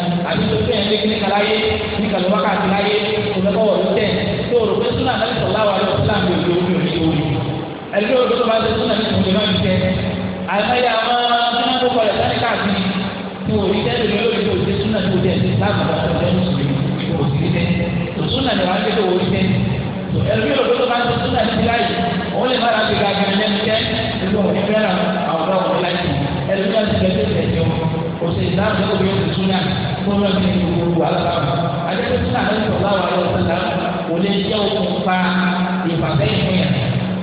àbí tó fẹ́ ẹgbẹ́ kíní kàláyé ní kàlẹ́ wákàtí láyé òlẹ́kọ̀ wọ̀ ló tẹ̀ tí o rò pé súnà náà sọ̀ láwa lọ sí láàmì òde omi òde omi ẹgbẹ́ òde tó bá ṣe súnà ní ìtòkè náà ti tẹ àìmọye àwọn súnà tó kọlẹ̀ sani káàkiri tí o rí tẹ́lẹ̀ ní lórí tó ṣe súnà tó tẹ̀ láàmì òde omi òde tẹ̀ tó súnà ní wàá tẹ̀ tó orí tẹ̀ ẹgbẹ́ òde tó bá ṣe súnà ní ti láyé òun lè má ra ti òsè ìdáhùn náà òbí òsè súnà tó lọ sí gbogbo alábàámu àdéhùn súnà lẹ́yìn tó bá wà lọ síta kò lè jẹ́ òkùnfà ìfàsẹ́yìn fún yàn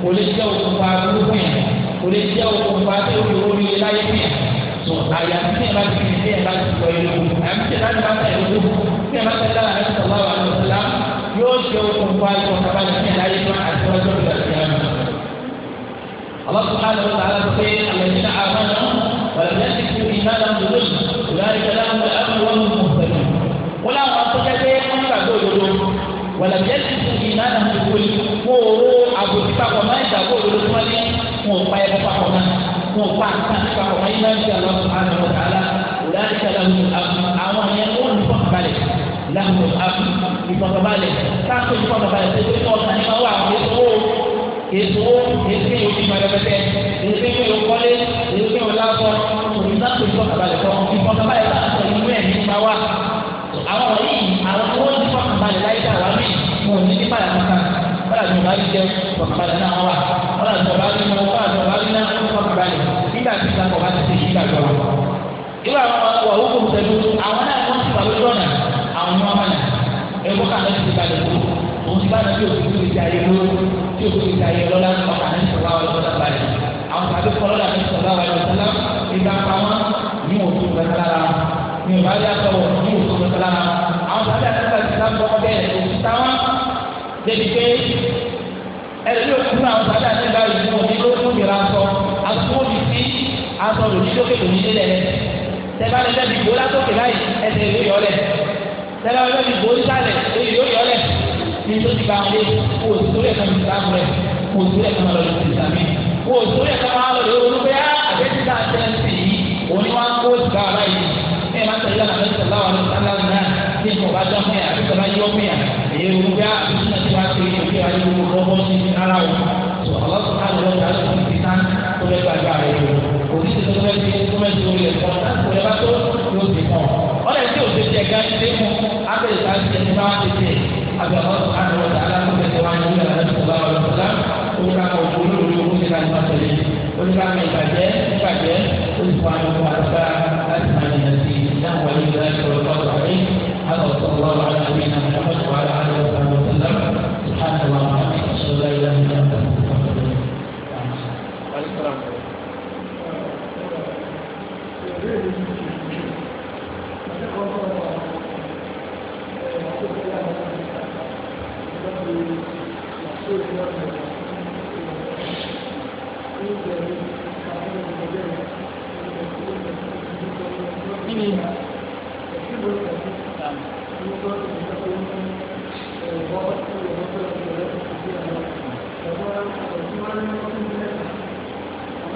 kò lè jẹ́ òkùnfà burú fún yàn kò lè jẹ́ òkùnfà tó yọ orí láyé fún yàn tó àyà tí ẹ bá ti fi tí ẹ bá ti lọ ìlú àyà tí ẹ bá ti bá tẹ̀ ìlú tí ẹ bá tẹ̀ dára lẹ́yìn tó bá wà lọ síta yóò jẹ́ òkùnfà ìfọ̀kàbà Allah subhanahu wa ta'ala sọ pé àlejò àbájá ولم يمسكوا إيمانا بظلم أولئك لهم الأمن وهم مهتدون ولا أعتقد أن تعبدوا ولم يمسكوا إيمانا بظلم وهو أبو كتاب وما يدعوا لهم موقع يتفقنا موقع تنفقنا إلا إن شاء الله سبحانه وتعالى أولئك لهم الأمن أولا يقول فقبلك لهم الأمن يفقبلك تأخذ فقبلك تقول فقبلك èso èso yóò fi máa lọ́pẹ́tẹ́ èso yóò kọ́lé èso yóò lásọ òní sáfù ìfọ̀kàbalẹ̀ kọ́ ìfọ̀kàbalẹ̀ láàtọ̀ inú ẹ̀ ní ma wá. àwọn ọ̀rẹ́ yìí àwọn tó wọ́n ti fọ̀kàbalẹ̀ láyé tá a wá mí mo ní ní padà kankan wọ́n àti ọ̀bá yìí jẹ́ fọ̀kàbalẹ̀ náà wà wọ́n àti ọ̀bá yìí náà wọ́n àti ọ̀bá yìí náà fọ̀kàbalẹ̀ nígbà tí ìgbà kọ̀ bá ti ṣe ìgbà gbọ́. irú àwọn ọkọ̀ òkú pẹ̀lú àwọn náà wọ́n ti wà lójú ọ̀nà àwọn ni wọ́n mọ̀nà ẹ̀kọ́ kàlẹ́ ti ti balẹ̀ kú òun ti bá nàbí òkú ti ti ayé lóró tí o ti ta yẹ lọ́la ọkà ní sọ̀rọ̀ àwọn ọ̀dọ́ balẹ̀ àwọn tàbí kọ́ lọ́la ní sọ̀rọ̀ àwọn ọ̀dọ́ sọ̀rọ̀ ìgbà pamọ́ ní òtún pẹ̀lú ara ní ìwà ayé àtọwọ̀ ní òtún pẹ̀lú ara àwọn tàbí àtàkà ti sábọ̀ bẹ́ẹ̀ òtún táwọn débi pé ẹ̀rí òkú àwọn tàbí àtàkà ìlú òní ló fún mi lásọ àtúwò mi sí aṣọ òní lókè òní lélẹ̀ tẹ́lá lẹ́lẹ́bi gbó látòkè láì ẹsẹ̀ ìlú yọlẹ̀ tẹ́lá lẹ́lẹ́bi gbó ní tó ti bá a lé kó o tó lè kàn ìta rẹ kó o tó lè kàn lọ lè ti sàmì kó o tó lè kàn máa lọ lè ronú pé àbẹ́ ti ta tẹ́lẹ̀sì yìí òun ni wọ́n kó ìgbà báyìí ní ìmọ̀ tẹ̀lé àná fẹ́ sọ̀lá wà ní sálá náà ní ìmọ̀ bá dán fún yà àbí sọ̀lá yọ fún yà èyí ronú pé àbí sọ̀lá ti wá sí ìdí àyè gbogbo ọkọ̀ sí ti rárá o sọ̀rọ̀ sọ̀rọ̀ àlọ́ ìdájọ́ ti tán tó lè gbàgbà rẹ̀ òṣìṣẹ́ tó fẹ́ ti tó fẹ́ ti orí ẹ̀kọ́ kò lè bá tó yóò ti kàn ọ́ lẹ́yìn tí òṣìṣẹ́ gan-an ti dé fún abẹ́rẹ́ ìdájọ́ ti àbí ọlọ́run sùhánù wọn tààlà kó tẹ̀sí wáyé nílẹ̀ àti sọ̀rọ̀ àwọn ọ̀sán ó ní káwọn òkú olórí owó ti ká nípa tẹ̀lé ó ní káwọn ìbàjẹ́ ìbàjẹ́ ó sì fún àwọn ọmọ àgbà láti máa nìyẹn sí náà wọlé ìgbà ìṣòro lọ́dọ̀ àrí àwọn ọ̀sán wọn wà láti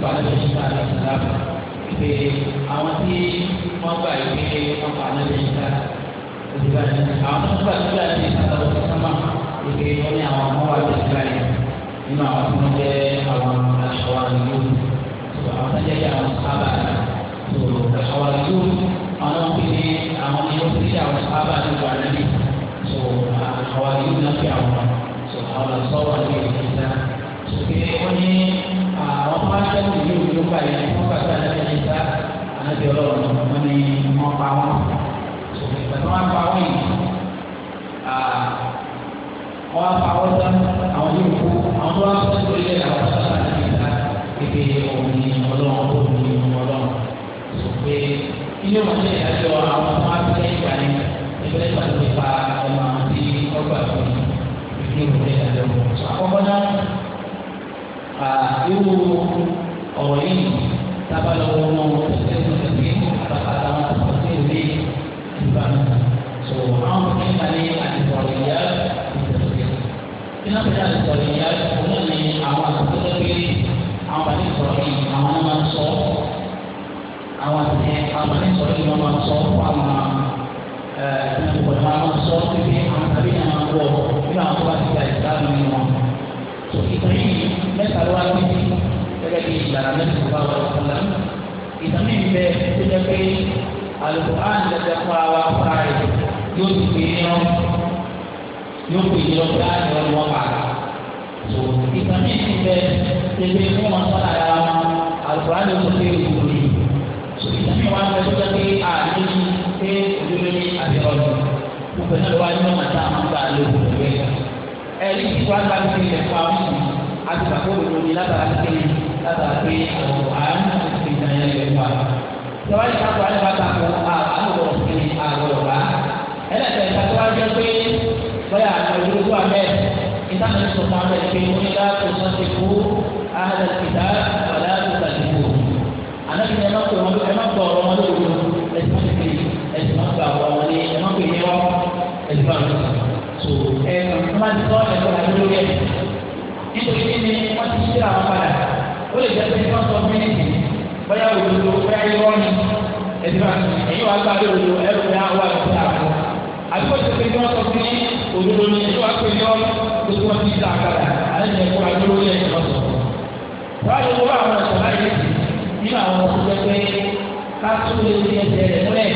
nípa lẹ́yìn nípa lẹ́yìn sábà pé àwọn tí wọ́n gbà yìí pé wọ́n pa lẹ́yìn sábà òṣìbá yìí àwọn tó gbà nígbà tí sábà wọ́n ti sábà pé wọ́n ní àwọn ọmọ wa lè gbà yìí nínú àwọn tó ń jẹ́ àwọn aṣọwà yìí tó àwọn tó ń jẹ́ àwọn sábà tó aṣọwà yìí àwọn náà pè ní àwọn ni wọ́n ti ṣe àwọn sábà nígbà lẹ́yìn tó aṣọwà yìí náà fi àwọn tó àwọn sọ́wọ́ àti ìṣ gbà yẹn wọ́n gbà sí àdájọ́ yẹn sá ànábì ọlọ́run wọn ni wọ́n pa wọn. ìgbà tí wọ́n pa wọn yìí wọ́n pa wọn sá àwọn yìí kú àwọn tó wá sọ sí ilé àwọn sọ sí àdájọ́ yẹn sá pépé òun ni ọlọ́run òun ni ọlọ́run. pé ilé wọn ṣe ìdájọ́ àwọn tó wá sí ìgbà yẹn ẹgbẹ́ ìgbà tó pa ọmọ àti ọgbà tó ní ìdílé ìdájọ́ àkọ́kọ́ náà irú ọ̀rọ̀ yìí sábà lọ́wọ́ wọn wọ́n tó ṣe tó ṣe pé àtàkàtà wọn tó ṣe tó lé ìgbà náà so àwọn tó ń kalẹ̀ àtìsọ̀rọ̀ ìyá ìtẹ̀síkẹ́ kí náà fẹ́ àtìsọ̀rọ̀ ìyá òun ni àwọn àtúntò pé àwọn àtìsọ̀rọ̀ yìí àwọn náà máa ń sọ àwọn àtìsọ̀rọ̀ yìí máa ń sọ fún àwọn ẹ̀ẹ́dẹ́gbọ̀n máa ń sọ pé àwọn tàbí àwọn àgbọ̀ nínú àwọn tó bá ti so ìtàn yìí mẹ́ta ló gẹ́gẹ́ bí ìlànà mẹ́tò bá wà lọ́la ìdámí bẹ tó jẹ́ pé àlùkò á ń dẹ́gbẹ́ fún àwa fúnra rẹ̀ yóò ti pè é yọ yóò pè é yọ bí á yọ wọn wà tó ìdámí bẹ tẹ̀lé fún wọn sọ ara àlùkò á lè tó pé òwò ni ìdámí wọn bẹ tó jẹ́ pé àlejò pé òdodo ní àbẹ̀rọ̀ gbogbo náà wá ní ọmọ tá a máa gbà lóko rẹ̀ ẹ̀rí ìgbà gbà tó ti lẹ̀ fún àwọn ìsìn àti bàbá òdodo ní lábàrá kékeré látara pé àárín náà ti fi ìdáyà lè wà. Ìjọba yìí kápọ̀ àyè bá takò àgbọ̀ òfin àgbọ̀ ọ̀gá. Ẹlẹ́sẹ̀ ìtàkùn wa jẹ́ pé bóyá àwọn olùdókòwò abẹ́ ìtàn ìsọ̀tàn abẹ́ pé oníkà tó sàn ti kú àhàlẹ̀ ìdá wàlá tó sàn ti kú. Àlejò ẹ má pè wọn ẹ má gbọ́ ọ̀rọ̀ wọn lóru ẹ̀sìn má ti fi ẹ̀sìn má gbà ọ̀rọ̀ wọn ní ẹ má pè yẹn wọn ẹ̀sìn má lọ. So ẹ̀ ẹ̀ má ti nítorí kí ni ti ṣe àwọn padà ó lè jẹ́ pé kí wọ́n sọ mílíkì bóyá òdodo bóyá irọ́ni ẹ̀dínwá ẹ̀yìn wá gbá lódodo ẹ̀rù bóyá wà lóde àgbà àbí wọ́n ti pé kí wọ́n sọ pé òdodo ni ẹ̀yìn wá pé irọ́ni tó tí wọ́n ti dà àgàdà àlejò ẹ̀kọ́ àdúró yẹ ìrọ̀sọ̀. wọ́n á lè wọ́n àwọn ọ̀sán láyé nínú àwọn ọmọ tó pẹ́ ká tó lè fi ẹsẹ̀ rẹ̀ múlẹ̀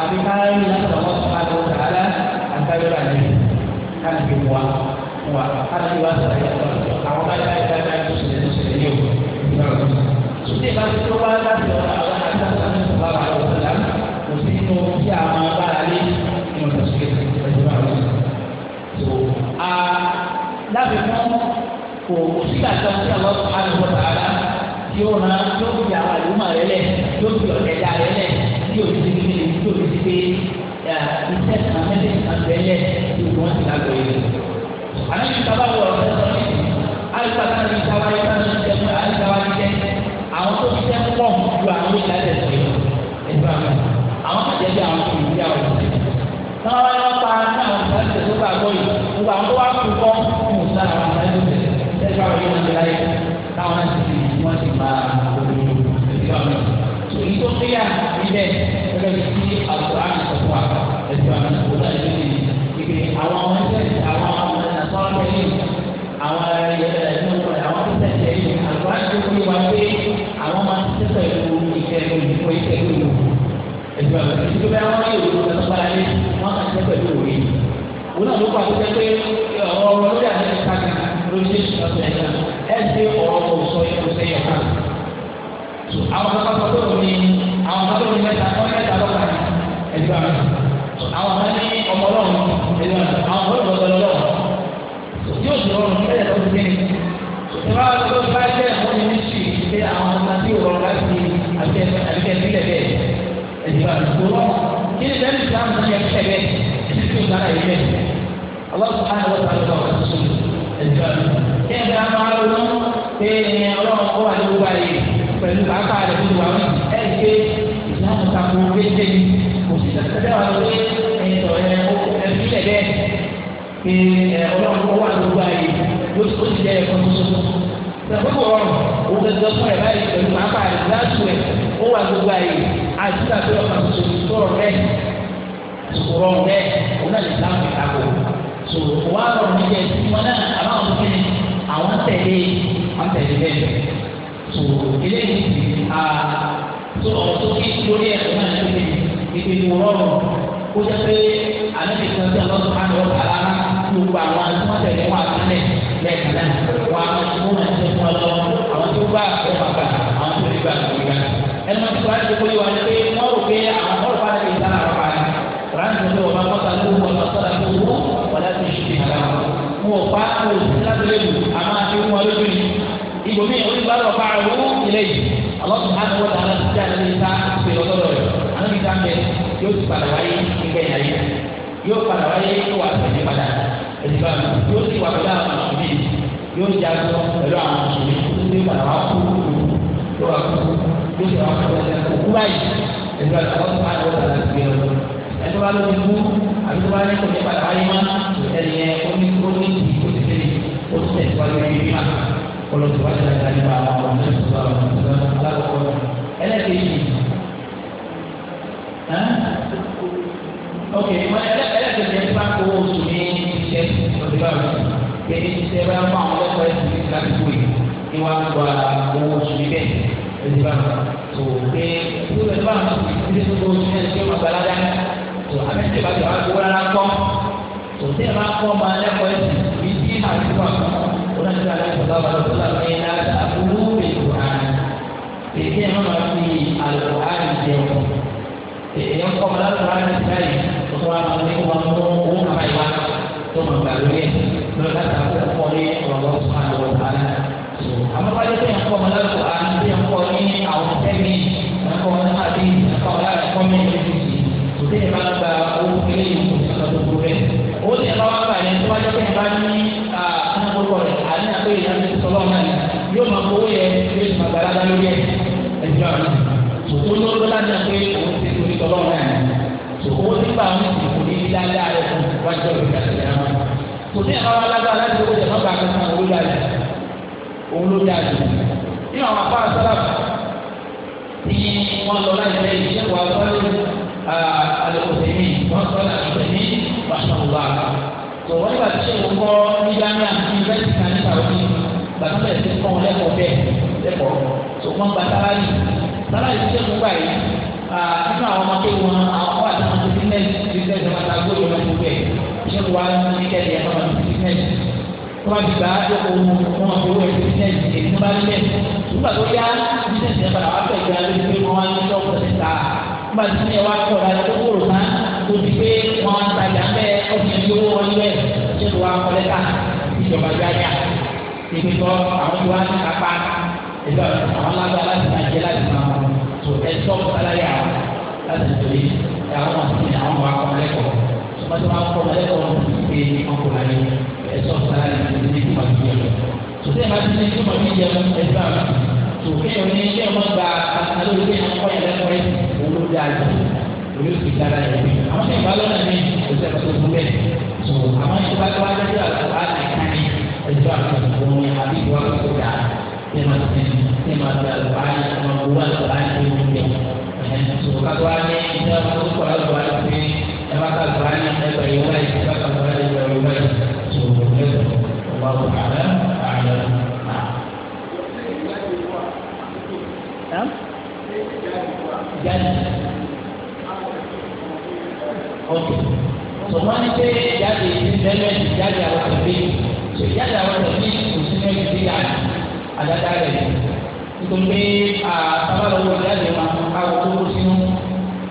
àbí ká rí látọ̀ wọn sọ àti ọ̀sán alá àtàlẹ́ àlẹ́ ká lè fi wá wá Ṣé ìbá tó wá láti ọ̀rọ̀ àwọn àtàkùn ní ìwà àwọn ọ̀sán láti kò sí inú kí àwọn abára lé ní ọ̀sán ṣe ẹ̀jẹ̀ bá wọn. So a láti fún kò sí àtọ́ sí àwọn àlùkò tààrà tí ó rán tó fi àwọn àlùmọ̀ rẹ lẹ̀ tó fi ọ̀tẹ̀dá rẹ lẹ̀ tí ò ti fi tí ò ti fi iṣẹ́ kan mẹ́lẹ̀ kan bẹ́ẹ̀ lẹ̀ tí wọ́n ti lágbẹ̀ẹ́. Àná ìṣàbáwọ̀ ọ̀sẹ̀ sọ láti sáwá jẹ́ àwọn tó jẹ́ pọ̀ ju àwọn ìlànà ìṣe ẹgbẹ́ àwọn àwọn tó jẹ́ bí àwọn tó ìdí àwọn ìṣe. náà wọ́n yọ pa náà wọ́n ti sáré tó gbàgbọ́ yìí gbogbo àwọn tó wá kú kọ́ fún un sára wọn sáré tó tẹ̀lé ẹgbẹ́ àwọn yóò ti láyé táwọn ti ti wọ́n ti máa ẹgbẹ́ àwọn èyí tó fi yà níbẹ̀ gẹ́gẹ́ bí ti àgbà àtọ̀kọ̀ àgbà ẹgbẹ́ àwọn ìṣòwò náà àwọn ẹ̀ẹ́dẹ́gbẹ̀rún àwọn tó tẹ̀lé ẹ̀yìn àgbà tó fi wá pé àwọn máa ń tẹ́tẹ̀ ìlú ìfẹ́ olùkọ́ ìfẹ́ ìlú ẹ̀dùn àgbà tó bá wọn yóò lọ sọ bá yẹn wọn máa tẹ́tẹ̀ ìlú òwe wọn náà ló kọ́ àti pé ọ̀rọ̀ lórí àti ìtàkì lóṣè ọ̀sẹ̀ náà ẹ̀ ń dé ọ̀rọ̀ òṣọ ìfọ̀sẹ̀ yẹn kan. àwọn akọ́kọ́ tó ní àwọn akọ́kọ́ tó ní mẹ́ta wọ́n mẹ́ta lọ́kàn ẹ̀dùn àgbà àwọn ọmọ ní ọmọ ọlọ́run ẹ̀dùn àgbà àwọn ọmọ ọlọ́run yóò ti rọrùn fún ẹ̀rọ tó kéde. ìwà tó bá jẹ́ ẹ̀kọ́ ní méjì pé àwọn ọmọ tí òrọ̀ láti àbíkẹ́ sílẹ̀ bẹ́ẹ̀ ẹ̀dùn àdúgbò wọn. kí ni bẹ́ẹ̀ ní sáà ń sọ ẹ̀kẹ́ bẹ́ẹ̀ ẹ̀dùn tó sára yìí bẹ́ẹ̀. ọlọ́sùn á lọ́wọ́ sáré lọ́wọ́ ẹ̀dùn àdúgbò. kí ni bẹ́ẹ̀ máa ronú pé ọlọ́run kó wà ní gbogbo àyè pẹ̀lú bàbá rẹ̀ tó wà wí ẹ̀ ṣe ìdáhùn kí ọlọ́run kọ́ wà lóko ayé ló tó ti jẹ́ ẹ̀kọ́ tuntun. Sàbẹ̀wò ọ̀rùn òun gẹ́gẹ́ fún ẹ̀ báyìí pẹ̀lú pápá rẹ̀ láti ẹ̀ ó wà lóko ayé àti àbẹ̀ ọ̀kan tuntun sọ̀rọ̀ rẹ̀ sọ̀rọ̀ rẹ̀ òun náà lè dáhùn ìtàkù. Sọ̀rọ̀ wà lọ́rùn níjẹ́ wọn náà àbáwọn tó kéde àwọn tẹ̀lé àwọn tẹ̀lé bẹ́ẹ̀. Sọ̀rọ̀ eléyìí sọ̀rọ̀ tó kí lórí ẹ̀ àlejò kan tí ọlọ́sùn máa ń lọ bàrà rà kí o gba àwọn àti wọ́n tẹ̀lé wọn àtúnlẹ̀ lẹ́ẹ̀kan náà wọn àwọn tí wọ́n máa ń tẹ̀ fún ọ lọ́wọ́ àwọn tó bá ẹ̀ bàbà àwọn tó rí bá tó rí bá. ẹnu máa ti wá ní ìdókòwò wa ni pé wọ́n rò pé àwọn ọ̀rọ̀ bá lè sára àwọn bá yẹn. rántí pé wọn máa kọ́ta ló wọn lọ sọ́dà tó wọ́ wọn láti ṣe ìhàlá wọn. wọn ò pa wọn ò sí láti lè lù àmọ́ àti wọn lójú ni. ibòmí oníbàárọ̀ bá rú ilé yìí. ọlọ́sùn máa ń wọ́n dáná sí yóò padà wáyé yóò wà pẹ̀lú padà ẹ̀dìbà yóò sì wà pẹ̀lú àwọn mùsùlùmí yóò já lọ pẹ̀lú àwọn mùsùlùmí tó ti padà wá kú yóò wà kú yóò sì wà pẹ̀lú òkú báyìí ẹ̀dìbà àwọn tó máa ń wọ́n tàbí gbé lọ ẹ̀dìbà bá lóbi kú àbí tó bá ní kò ní padà wáyé má ẹ̀yẹ omi omi ti kó ti tẹ̀lé ó ti tẹ̀lé ok wọn ẹlẹ́sìn ní ẹgbẹ́ kó oṣù ní iṣẹ́ ìjọba rẹ̀ pé iṣẹ́ bá ń fún àwọn ọlọ́pàá ẹ̀sìn ní lásìkò yìí ni wọ́n á gba owó oṣù níbẹ̀ ìjọba rẹ̀ tó pé kúrò ẹ̀ bá àwọn ìdílé tó oṣù ní ẹ̀sìn ọgbà ládá tó abẹ́tẹ̀ bá tẹ̀ wá gbowó rárá kọ́ tó tẹ̀ bá kọ́ ọmọ ẹlẹ́kọ̀ọ́ ẹ̀sìn bí tí àdúgbò àwọn ọ̀nà èèyàn kọ́ ọmọ láti wá ní báyìí tó tó wá lọ ní wọn mú owó kàmá ìwà tó mọ̀ gbà lórí ẹ̀ lọ́dọ̀ láti àkókò kọ́ ní ọ̀rọ̀ ọ̀sán àlọ́ ọ̀sán àmọ́báyé tó yàn kọ́ ọmọ láti wá ní tó yàn kọ́ ní àwọn tẹ́mi ẹ̀kọ́ àti ẹ̀kọ́ láti kọ́ mí kò tẹ́ ẹ̀ bá gba owó kéré yìí kò sọ̀rọ̀ gbogbo rẹ̀ ó lè bá wà bàyẹ̀ tó wájú pé bá ní rẹ̀ àní àpéyè ẹ̀ tòkó lọ́dọ́ lánàá pé òun ti torí tọ́lọ́ náà tòkó nígbà wọn ti kò ní dáadáa rẹ fún wájú ọ̀rọ̀ ìdásílẹ̀ náà tòní ẹ̀rọ alágbára láti owó jẹ̀ nọ́mbà kan kan owó dáa òun ló dáa jù ní àwọn apá àtàlà tí wọ́n lọ láti lẹ́yìn ìṣẹ́kọ̀ọ́ àtọ́lẹ́ alẹ́kọ̀ọ́sẹ̀mí wọ́n sọ láti sẹ̀mí wàṣọ̀wà tó wọ́n nígbà tí ṣe ń kọ́ ní dáná ní yunifásitì kan ní sàwọn gbàtúbẹ̀ sí kọ́ lẹ́kọ̀ọ́ bẹ́ẹ̀ lẹ́kọ̀ọ́ tó wọ́n gbàtàlá yìí sára ìṣe mú báyìí nínú àwọn ọmọ kéwù wọn àwọn ọmọ àti àwọn bísínẹ́sì bísínẹ́sì wọn ta gbóyè wọn fún bẹ́ẹ̀ ṣé kò wá ní kẹ́lẹ́ ẹ̀ máa bísínẹ́sì tó bá ti gbà á tó kó wọn wọn fi wọ bísínẹ́sì èyí tó bá nílẹ̀ nígbà tó yá bísínẹ́sì ẹ̀ padà wá fẹ̀ gbé alẹ́ pé wọ́n wá ní sọ́kùn ẹ̀ ta nígbà tí ẹ wá kọ̀ lára tó kúrò ná kó ti pé wọ́n tajà bẹ́ẹ̀ ọ̀sẹ̀ tó wọ́n lẹ̀ ṣé kò wá kọ́lẹ́ta ìjọba yáyà ìgbìkọ́ àwọn tó wá ní kápá ìjọba àwọn ẹ̀tọ́ sálárì àwọn láti torí àwọn àti àwọn ọmọ akọ̀mọlẹ́kọ̀ọ́ sọmọdé wọn akọ̀mọlẹ́kọ̀ọ́ pé ọkùnrin ẹ̀tọ́ sálárì ní ìgbà tó yẹ lọ. sọtẹ́ máa ti ní kí wọ́n fi jẹ ẹgbẹ́ àwọn tòkè òní ilé wọn gba alóògbé akọ ìlẹ́kọ̀ọ́ olú dáadé olú fi dára yẹn àwọn tí ìbálò náà ní oṣù ẹ̀kọ́ tó gbẹ tó àwọn ìṣèlú àti wájú àti àlùkò àti ìkànnì ẹ̀jọ̀ àti ìkànnì àbí ìwà tó dáa ẹ̀ máa ti ní ní ma fi àlùkò ayé ma bu àlùkò ayé tó ń bẹ ẹ̀hẹ́n kátó wá ní ìdá tó kọ̀ àlùkò ayé pé ẹ bá ká àlùkò ayé ẹ bá yẹ wáyé ẹ bá ká àlùkò ayé ẹ bá yẹ wáyé tó ń bẹ ọba kò àlẹ́ àlẹ́ náà. jáde ọkè sọ̀rọ̀ ní pé jáde ìdílé jáde àwọn tẹ̀lé jáde àwọn tẹ̀lé kò sí mẹ́rin sí àdáda rẹ̀ nítorí a àtàwọn ọ̀wọ́ ìjáde wọn káwọ́ tó kú sínú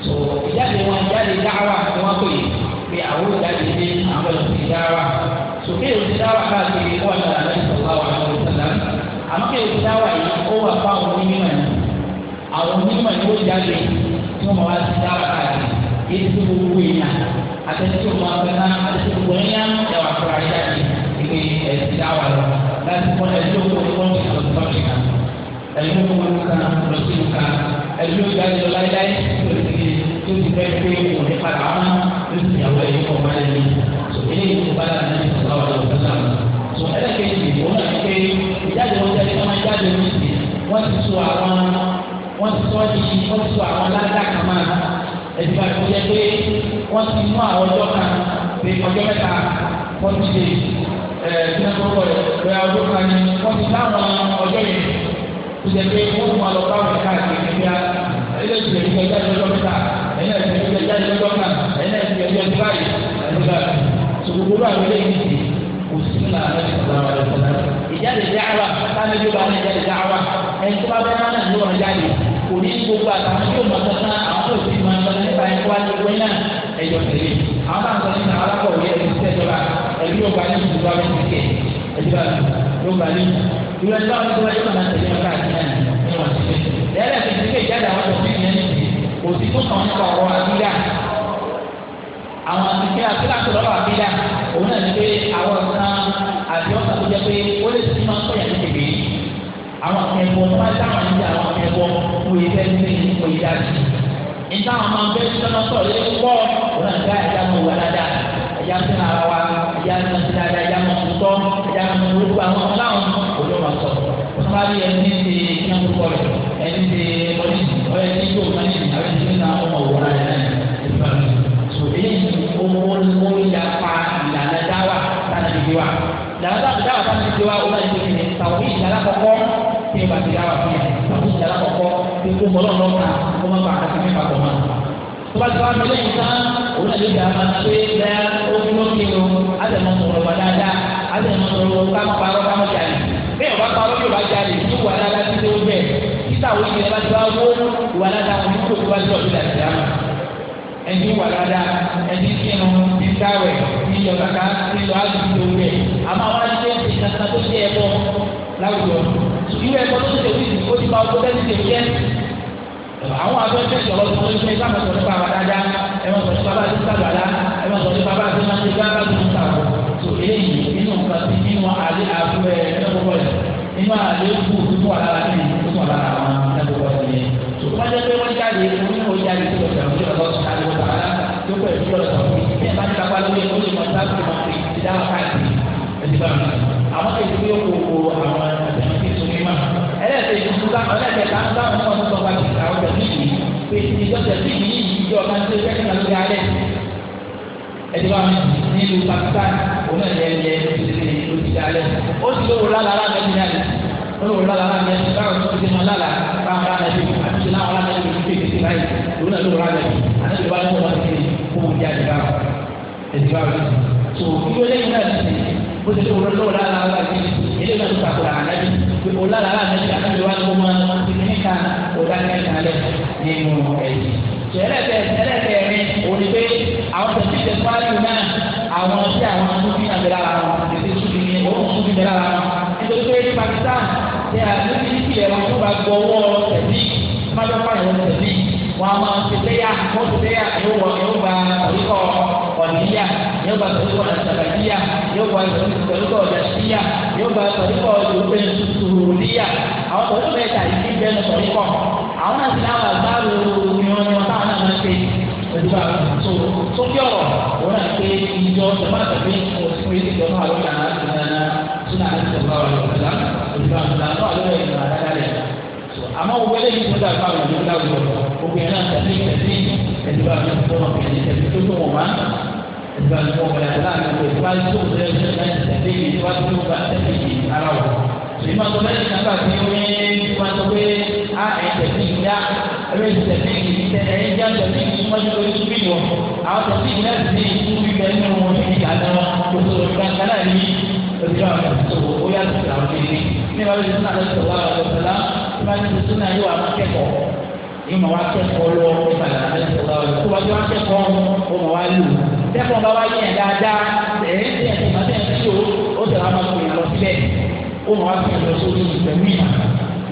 tó ìjáde wọn ìjáde dáhàwá ni wọ́n pè pé àwọn ìjáde dé àwọn ìjáde dáhàwá tó kéè òsì dáhàwá káàkiri wọn ní àlẹ́ ìsọ̀lá wà ní ìsọ̀lá àmọ́ kéè òsì dáhàwá yìí ó wà fún àwọn onímọ̀ ní àwọn onímọ̀ ní ó jáde tí wọ́n máa ti dáhàwá káàkiri yìí tó gbogbo èèyàn àtẹ̀sí wọn fẹ́ná àtẹ̀sí gbogbo èèyàn ẹ̀wà fúra jáde ìpè ẹ̀sìn dáhàwá lọ láti fọ́n ẹ̀sìn ẹni tó wọn ká lọ sí ìka ẹni tó ga jọ láyáyé tó ti di tó ti fẹ́ pé òun ní padà wọn ló ti yàwó ẹ̀yìn kọ̀ máa lẹ́yìn tó ilé ìlú bá dàbí ní ìsọ̀rọ̀ ọ̀dọ̀ ọ̀sán tó ẹlẹ́kẹ̀ẹ́jì òun náà pé ìjáde wọn jáde wọn jáde ní ìsìn wọ́n ti sọ àwọn wọ́n ti sọ ní wọ́n ti sọ àwọn ládàá kan máa ẹ̀dí bá tó yẹ pé wọ́n ti mú àwọn ọjọ́ kan pé ọjọ́ mẹ́ta wọ́n ti ṣe ẹ̀ẹ́dínlẹ́kọ̀ọ́ rẹ̀ ọjọ́ kan ni wọ́n ti láwọn ọjọ́ yẹn ìṣẹ̀lẹ̀ wọn fún alọ́ bá wọn káàkiri nígbà ẹ̀yẹ́ ti ẹ̀yẹ́ ti ẹ̀yẹ́ lọ́jọ́ mẹ́ta ẹ̀yẹ́ ti ẹ̀yẹ́ ti ẹ̀yẹ́ lọ́jọ́ kan ẹ̀yẹ́ ti ẹ̀yẹ́ ti báyìí ẹ̀yẹ́ sòkòkòrò àwọn ilé yìí ti kò sí nílà ìjáde dáhàwá táwọn ní ìjáde dáhàwá ẹni tó bá bẹ́ẹ̀ máa nà ní jáde kò ní gbogbo àtàwọn yóò mọ̀ kankan àwọn tó ti máa ń lọ nípa ẹ̀kọ́ wa ní wẹ́nà ẹ̀yọ̀ tẹ̀lé àwọn náà ń sọ nínú alákọ̀wé ẹ̀sìn tẹ̀jọba ẹ̀rí yóò bá ní bá ní ìwé ẹni báwo ni wọ́n yóò máa tẹ̀lé ọ̀gá àti náà ní wọ́n ti fi lẹ́yìn ẹ̀sìn ìdílé ìjáde àwọn ọ̀dọ́ fífi ẹni tì kò sí tó kàn nípa ọ̀rọ̀ àbídà àwọn àtìkẹ́ àtìláṣọ lọ́wọ́ àbídà òun náà ní pé àwọn kan àti ọ̀sán tó jẹ́ pé ó lè ti máa ń pè àti bèbè àwọn ẹ̀bọ tó máa dáhùn níbi àwọn ẹ̀bọ kò yẹ fẹ́ ní ìkọ̀ ìdájì nígbà àwọn ọ̀gá máa sọ sábàbí ẹni ti kíná tó ẹni ti ọdíjì ọyẹ tí yóò máa ní ìyàwó ẹni tí ọmọ òwúrọ̀ rẹ náà ìfẹ́ mi. so èyí owó owó ya pa ìlànà dáwà táwọn ìdíje wa ìlànà dáwà táwọn ìdíje wa ó máa ń ṣe kí ni tàwọn tí ìgbà ti dáwà fún yẹn tàwọn ìlànà kọ̀kọ́ tí kò mọ́lọ́ lọ́ka kó má bàa kàkí mẹ́fà kọ̀ máa tọ́bátí wàá fi lẹ́yìn tán òun náà lè dà máa pé bẹ́ẹ̀ ó fi lókè o á tẹ̀ mọ́ sọ̀rọ̀ wà dáadáa á tẹ̀ mọ́ bẹ́ẹ̀ wá parọ́ yóò bá jáde ní wà lálá tí ó bẹ̀ títà wo ìyẹn bá ti wá wó wà lálá tí kò tó wá lọ sí ìlànà ìdáná ẹni wà lálá ẹni kínu ti káwẹ̀ ti yọ kàkà ti lọ á ti tó bẹ̀ àmọ́ àwọn àti ṣe ti kàkà tó ṣe ẹbọ láwùjọ ìwé ẹbọ tó ṣe wí ó ti máa kó bẹ́ẹ̀ ti ṣe àwọn abẹ́fẹ́ àwọn adájá a ti sábà lá ẹ̀ wọ́n sọ̀rọ̀ nípa bá a ti máa ṣe a bá a ti ń eléyìí nínú nǹkan tí nínú alẹ́ abúlé ẹ̀dọ́gbọ̀ rẹ̀ nínú alẹ́ kú nínú alára ní nínú alára àwọn ẹ̀dọ́gbọ̀ rẹ̀ yẹn. wọ́n jẹ́ pé wọ́n jáde onímọ̀ jáde tó lọ́sẹ̀ àwọn ìjọba ọ̀sán àti ọ̀sán àlá tó pẹ̀lú ìjọba ọ̀sán fún mi. bí ẹ bá ti kápá lórí ẹ̀kọ́ lè mọ sáàpù mọ ti dáhùn káàkiri ẹ̀dí bá mi. àwọn ètò yóò kó àwọn ẹ̀dí bá mi nílùú Pakistan òun náà yẹ ẹyẹ títí ló ti dá lẹ ó sì lówó lálá lára ẹni náà ó lówó lálá lára ẹni báwo ló ti máa lálá báwo lára ẹni àti ti láwọn lára ẹni tó kéde sí báyìí òun náà lówó lára ẹni àti ìwà lọ́wọ́ wọn ti kó wọn jáde báwo ẹni báwo tó ìwé lẹ́yìn náà ti ó ti lówó lọ́wọ́ lára lára ẹni ilé náà ló pàtó lára ẹni ìwò lára lára ẹni àti ìwà lọ́wọ́ wọn ti ní tẹ̀lẹ́tẹ̀ tẹ̀lẹ́tẹ̀ mi òní pé àwọn tẹ̀sí tẹ̀ fáájú náà àwọn tí àwọn sufi náà bẹ̀rẹ̀ ara wọn tẹ̀sí sufi ni òun sufi bẹ̀rẹ̀ ara wọn nítorí pé ní Pakistan ṣe àtúntì ìpìlẹ̀ wọn tó bá gbọ́ ọwọ́ tẹ̀sí májọ́ fáyọ̀ tẹ̀sí wọn a máa ṣe léyà wọn ṣe léyà yóò wọ yóò gba àríkọ ọ̀nìyà yóò gba àríkọ àtàkàdíyà yóò gba àríkọ ọ̀dàṣíyà yóò gba àríkọ ìlú pẹ̀lú sùúrù níyà àwọn tòun bẹ́ẹ̀ àwọn náà ti láwọn àgbáàrò ni wọn ni wọn táwọn náà máa ń ṣe pẹ̀lú àwọn tó tó kí ọ̀rọ̀ òun náà pé ìjọ ìjọba àtàbí òṣìṣẹ́ ìjọba àwọn ọ̀gá náà ti nana sínú àti ìjọba àwọn náà lọ́wọ́ ìlú àdáyà rẹ̀ àmọ́ gbogbo eléyìí àwọn ìlú láwùjọ gbogbo yẹn náà tẹ̀lé tẹ̀lé ẹ̀dùbà mi tó wọn kẹ̀lé tẹ̀lé tó tó wọn wá ẹ̀dùbà mi tó mi tó wọn kẹ̀lé tẹ̀lé tó tó wọn wá ẹ̀dùbà mi tó wọn wá ẹ̀dùbà mi tó wọn tó wọn wá ẹ̀dùbà mi tó wọn kẹ̀lé tẹ̀lé tó tó wọn èyí máa tó lẹ́yìn nígbà tí ó ní bí wọ́n sọ pé a ẹ̀yìn tẹ̀sí yìí dá ẹ̀rọ ìlú tẹ̀sí yìí tẹ̀ ẹ̀yìn já tẹ̀sí yìí wọ́n ti lórí túbí wọ̀ àwọn tẹ̀sí yìí náà ti tún bí bẹ́ẹ̀ nínú wọn ní ìyá náà gbogbo ìgbàgbọ́ náà ní òṣèlú àwọn ẹ̀sọ́ ó yàtọ̀ sí àwọn kéde ní ìbáwí ti sún àlọ́sọ̀ wà lọ́sọ̀lá tí wọ́n ti sún náà yóò wà kẹ́kọ̀ọ́ ní ma wá kẹ́kọ̀ọ́ lọ nípa ìlànà ìṣẹ̀lá rẹ̀ tó wájú wá kẹ́kọ̀ọ́ ó ma wá lò tẹ́kọ̀ọ́ bá wá yẹn dáadáa ẹ̀ẹ́dẹ́gbẹ̀rún ó tẹ̀lé àwọn ọmọ ìlọ sílẹ̀ ó máa fi lọ sórí ìtẹ̀mí ìmọ̀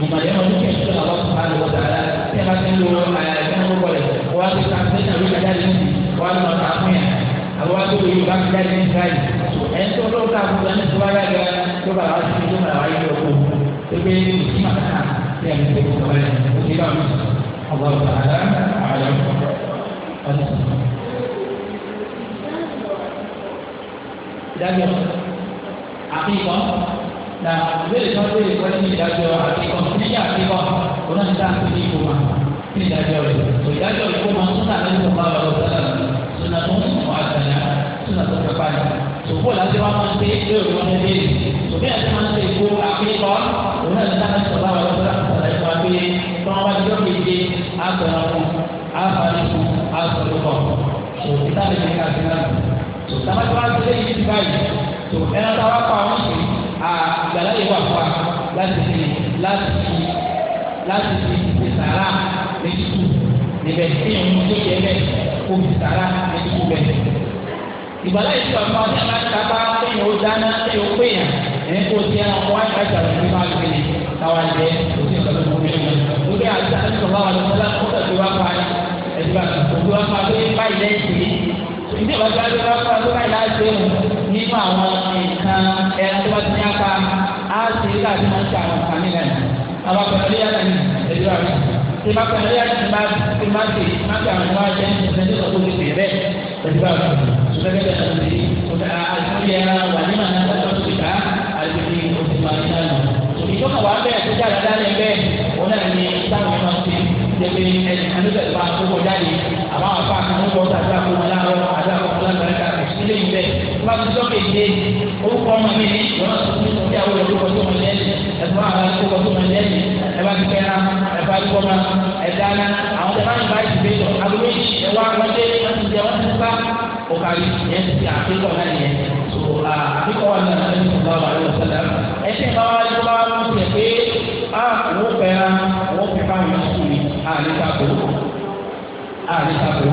ìmọ̀ yẹn wọn kẹ́ ṣe lọ́wọ́ sọ̀rọ̀ àlọ́ wọ̀dàlá tí a bá ti lo ẹ̀ẹ́dẹ́gbẹ̀rún wọlé wọ́n á ti ta ṣe ìtàwé ìdájà lẹ́yìn wọ́n á lọ ta fún yà àwọn á tó lo yorùbá ti dá lẹ́yìn káyì ẹ̀ ń tó lọ́wọ́ ká fún ẹni tó bá yà gẹ́ tó bá wàá ti tó bá wàá yẹ ọkọ pépé ìmọ̀ náà tí a ti tẹ̀ fún ọ̀rẹ́ òsì bá mi ọ̀gbọ́n wọ̀dàlá àlọ́ ìdájọ́ àfihàn na ìbéèrè kan béèrè wọ́n ní ìdájọ́ àkíkọ́ níyà àkíkọ́ òun náà ń dá àkíkọ́ ní ìkómà ní ìdájọ́ rẹ̀ tó ìdájọ́ ìkómà ń tún àlẹ́ ìkómà lọ́wọ́ sọ́dọ̀ sọ́nà tó ń mọ̀ àgbàlá sọ́nà tó kápá rẹ̀ tòbó láti wá máa ń pé èrò wọn ní ilé tòbí àti máa ń pé ìkó àkíkọ́ òun náà ń dá àkíkọ́ lọ́wọ́ sọ́dọ̀ sọ́dọ̀ ìkómà pé tọ́ àgbàlá yìí wà fún wa láti fi láti fi láti fi fi sàrà méjì tù níbẹ̀ tí òun tó yẹ bẹ́ẹ̀ kó fi sàrà méjì tù bẹ́ẹ̀. ìgbàlá yìí wà fún wa ní alákàtà ẹ̀yìn ó dáná ẹ̀yìn ó péyà ẹ̀yìn kó tiẹ̀ wọ́n á ká ìjàlá ní bá gbé káwá jẹ òsì ìgbàlá tó gbé wọn. lórí àti àti sọ̀rọ̀ àwọn ọ̀dọ́ ó tẹ̀sí wá pa ẹ̀dùn àti òkú wá pa pé báyìí lẹ́yìn nínú àwọn nǹkan ẹran tó bá ti ní apá á sì rí láti máa ń ṣe àwọn nǹkan nílẹ̀ àwọn akọ̀nà lóyà náà ní ẹ̀dúrà rẹ̀ tí bá kọ̀nà lóyà tí bá ti má ti má ti àwọn ìwà jẹ́ ìṣẹ̀lẹ̀ tó tó ti bẹ̀rẹ̀ bẹ́ẹ̀ ẹ̀dúrà rẹ̀ ṣùgbọ́n bẹ́ẹ̀ náà ti àti ẹran àti òtí wà bẹ́ẹ̀ tó àwọn afa kan ń bọ́ tàbí àkókò láàárọ̀ àti àkókò lágbàdàgbà kò sí lè wọ́n ti sọ kéde orúkọ ọmọ mi ní wọ́n ti sọ pé àwọn olùkọ́ tó mọ lẹ́yìn ẹ̀fọ́ àwọn olùkọ́ tó mọ lẹ́yìn ẹ̀fọ́ ti fẹ́ra ẹ̀fọ́ àdúgbọ́mọ ẹ̀dáná àwọn tẹ̀fọ́ àyìnbá ti gbé lọ agbègbè ẹ̀wọ́ wọ́n ti sá òkàlì àárín sábò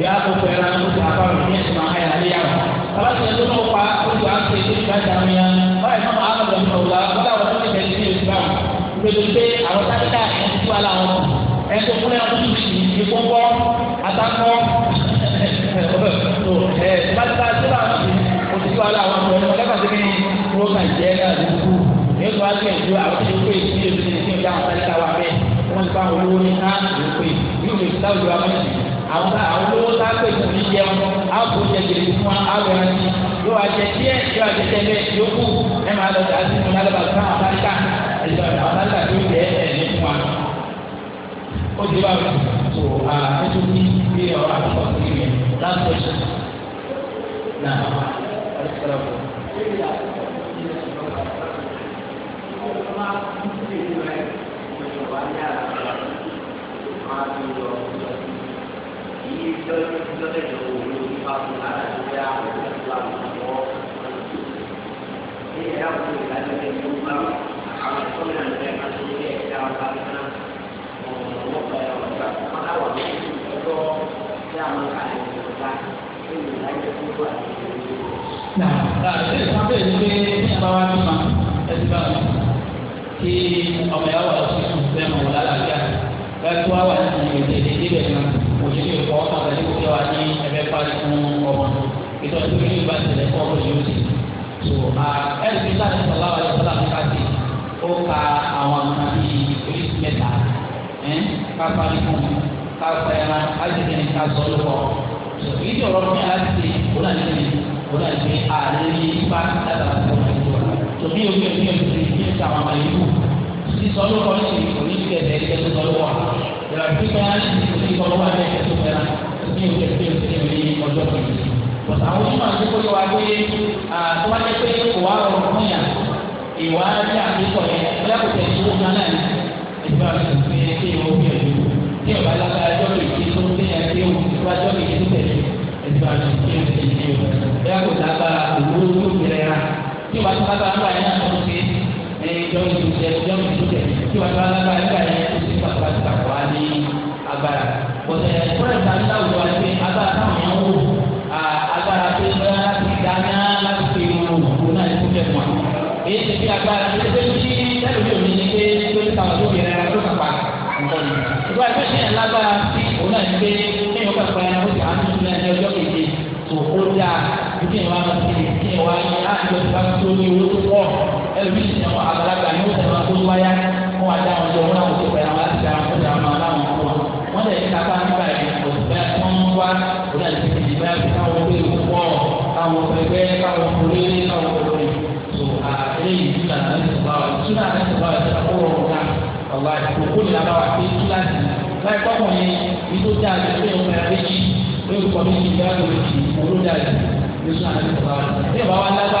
ìyá tó fẹ́ ra ló ti àbá rẹ̀ ní ẹ̀sìn máa yà lé yàrá bàbá tó yẹ tó náà pa ó ti wá sí ètò ìgbàjà mi yá báyìí náà máa lọ sí ọ̀la bàbá wọn tó ń tẹ̀lé ní ìgbà gbèdó pé àwọn sáyẹ́dá ẹ̀ ti wá láwọn ẹ̀ tó kúnlẹ̀ ọdún tuntun ìgbọ́ngbọ́ àtàkọ́ ẹ̀ bá ti bá ti bá ó ti wá láwọn ọmọ ẹ̀ lọ́kà sí ní wọ́n kà jẹ́ náà lóko ẹ̀ tó wá sí ẹ̀jọ́ àwọn tó ń pè é sí ètò ìgbàjà wọn sáyẹ́dá wa bẹ́ẹ̀ wọ́n ti fa àwọn olówó ní ká ló pè yóò lè fi táwùjọ amẹ́sì àwọn àwọn olówó tá a pè tó ní jẹun á kó fún wa á lọ rántí yóò wá jẹ yóò wá jẹ yóò kú ẹ máa lọ sí fún Thank you. Nah, nah, jadi sampai di apa-apa, apa-apa, kí ọmọ yà wà lọ́sí sùn bẹ́ẹ̀ mọ̀ wọ́n lálàáfíà bẹ́ẹ̀ tó wà wà ní ìrètí ìdílé bẹ̀ kan òṣì lè fọ́ ọmọ àgbàdo kó wà ní ẹgbẹ́ parí fún ọmọ ìtọ́jú ní ìgbà tẹ̀lé fún ọmọ yóò sì so ẹ̀sìn sáà ní sọ̀lá wà lọ́sọ̀lá fún káàkiri ó ka àwọn nǹkan bíi oríṣi mẹ́ta kápá nínú kápá ẹ̀ma ájẹ̀kẹ́ ní ká sọ lọ́wọ́ so ìdí ọ̀rọ̀ mi láti ṣe ó náà ní ṣe ó náà ṣe àárín ipá látara fún ti àwọn àmàlẹ́ yìí kù sísọ ló kọ́ ní òní ti ẹ̀sẹ̀ ẹ̀sẹ̀ tó sọ lọ́wọ́ yàrá bí bẹ́ẹ̀ á sì ti sọ lọ́wọ́ àti ẹ̀sẹ̀ tó fẹ́ra ní òkè pé o ti ní ọjọ́ kan yìí. bọ̀dà àwọn onímọ̀ àti kó yọ wá pé tó wá jẹ́ pé kò wá rọrùn fún yà ìwà ní àkókò yẹn bóyá kò tẹ̀ sí owó náà ní ìgbà tó ti ní kí ìwọ bí ẹ̀dùn kí ìwà lágbára jọ́ lè fi tó ní ẹgbẹ́ òun ìwà jọ́ lè fi tẹ̀lé ìgbà tó ti ní kí ìwọ bóyá kò lágbára òwúrò tó fi rẹ̀ rà kí ìwà tó lágbára jẹ ẹjọ́ mi tó tẹ̀ tí wọ́n bá lágbára nígbà yẹn tó ti pàtó àti pàtó wá ní agbára. Bọ̀dẹ̀ fúnra ìta ní àwùjọ wa pé agbára táwọn yẹn wò agbára pé bóyá láti dáná láti fi irun òkú náà ní kúkẹ́ mọ́. Èyí ti fi agbára tó ti fi tẹ́lẹ̀ mi ò ní ní pé tó ti tàwọn tó fi rẹ̀ ló kàpá. Ìgbà tó ti yẹn lágbára sí òun náà ní pé kéèyàn kàpá yẹn ó ti àánú sílẹ̀ ní ọjọ́ kejì tó ó dáa kí ẹlòmíì ti àwọn àgbàlagbà ni ó tẹ̀lé wọn kó wáyá wọn wá dá wọn jọ wọn làwọn ti pẹ̀lú àwọn láti dára fún ìdára máa láwọn fún wa wọn lè ta bá nípa ẹ̀ òṣìṣẹ́ wọn ń wá òun àti ìdí bá fi káwọn gbé ewu káwọn pẹ̀pẹ́ káwọn forí káwọn forí tó àlẹ́yìn túnà náà ti bá wa túnà náà ti bá wa ti kó rọrùn náà ọ̀gá ìkókó ni a bá wa pé túnà sí láì kọ́kùnrin ìtó dáa ju pé òun ẹ̀rọ méjì lórí kọ́mí ìgbà lórí olódàá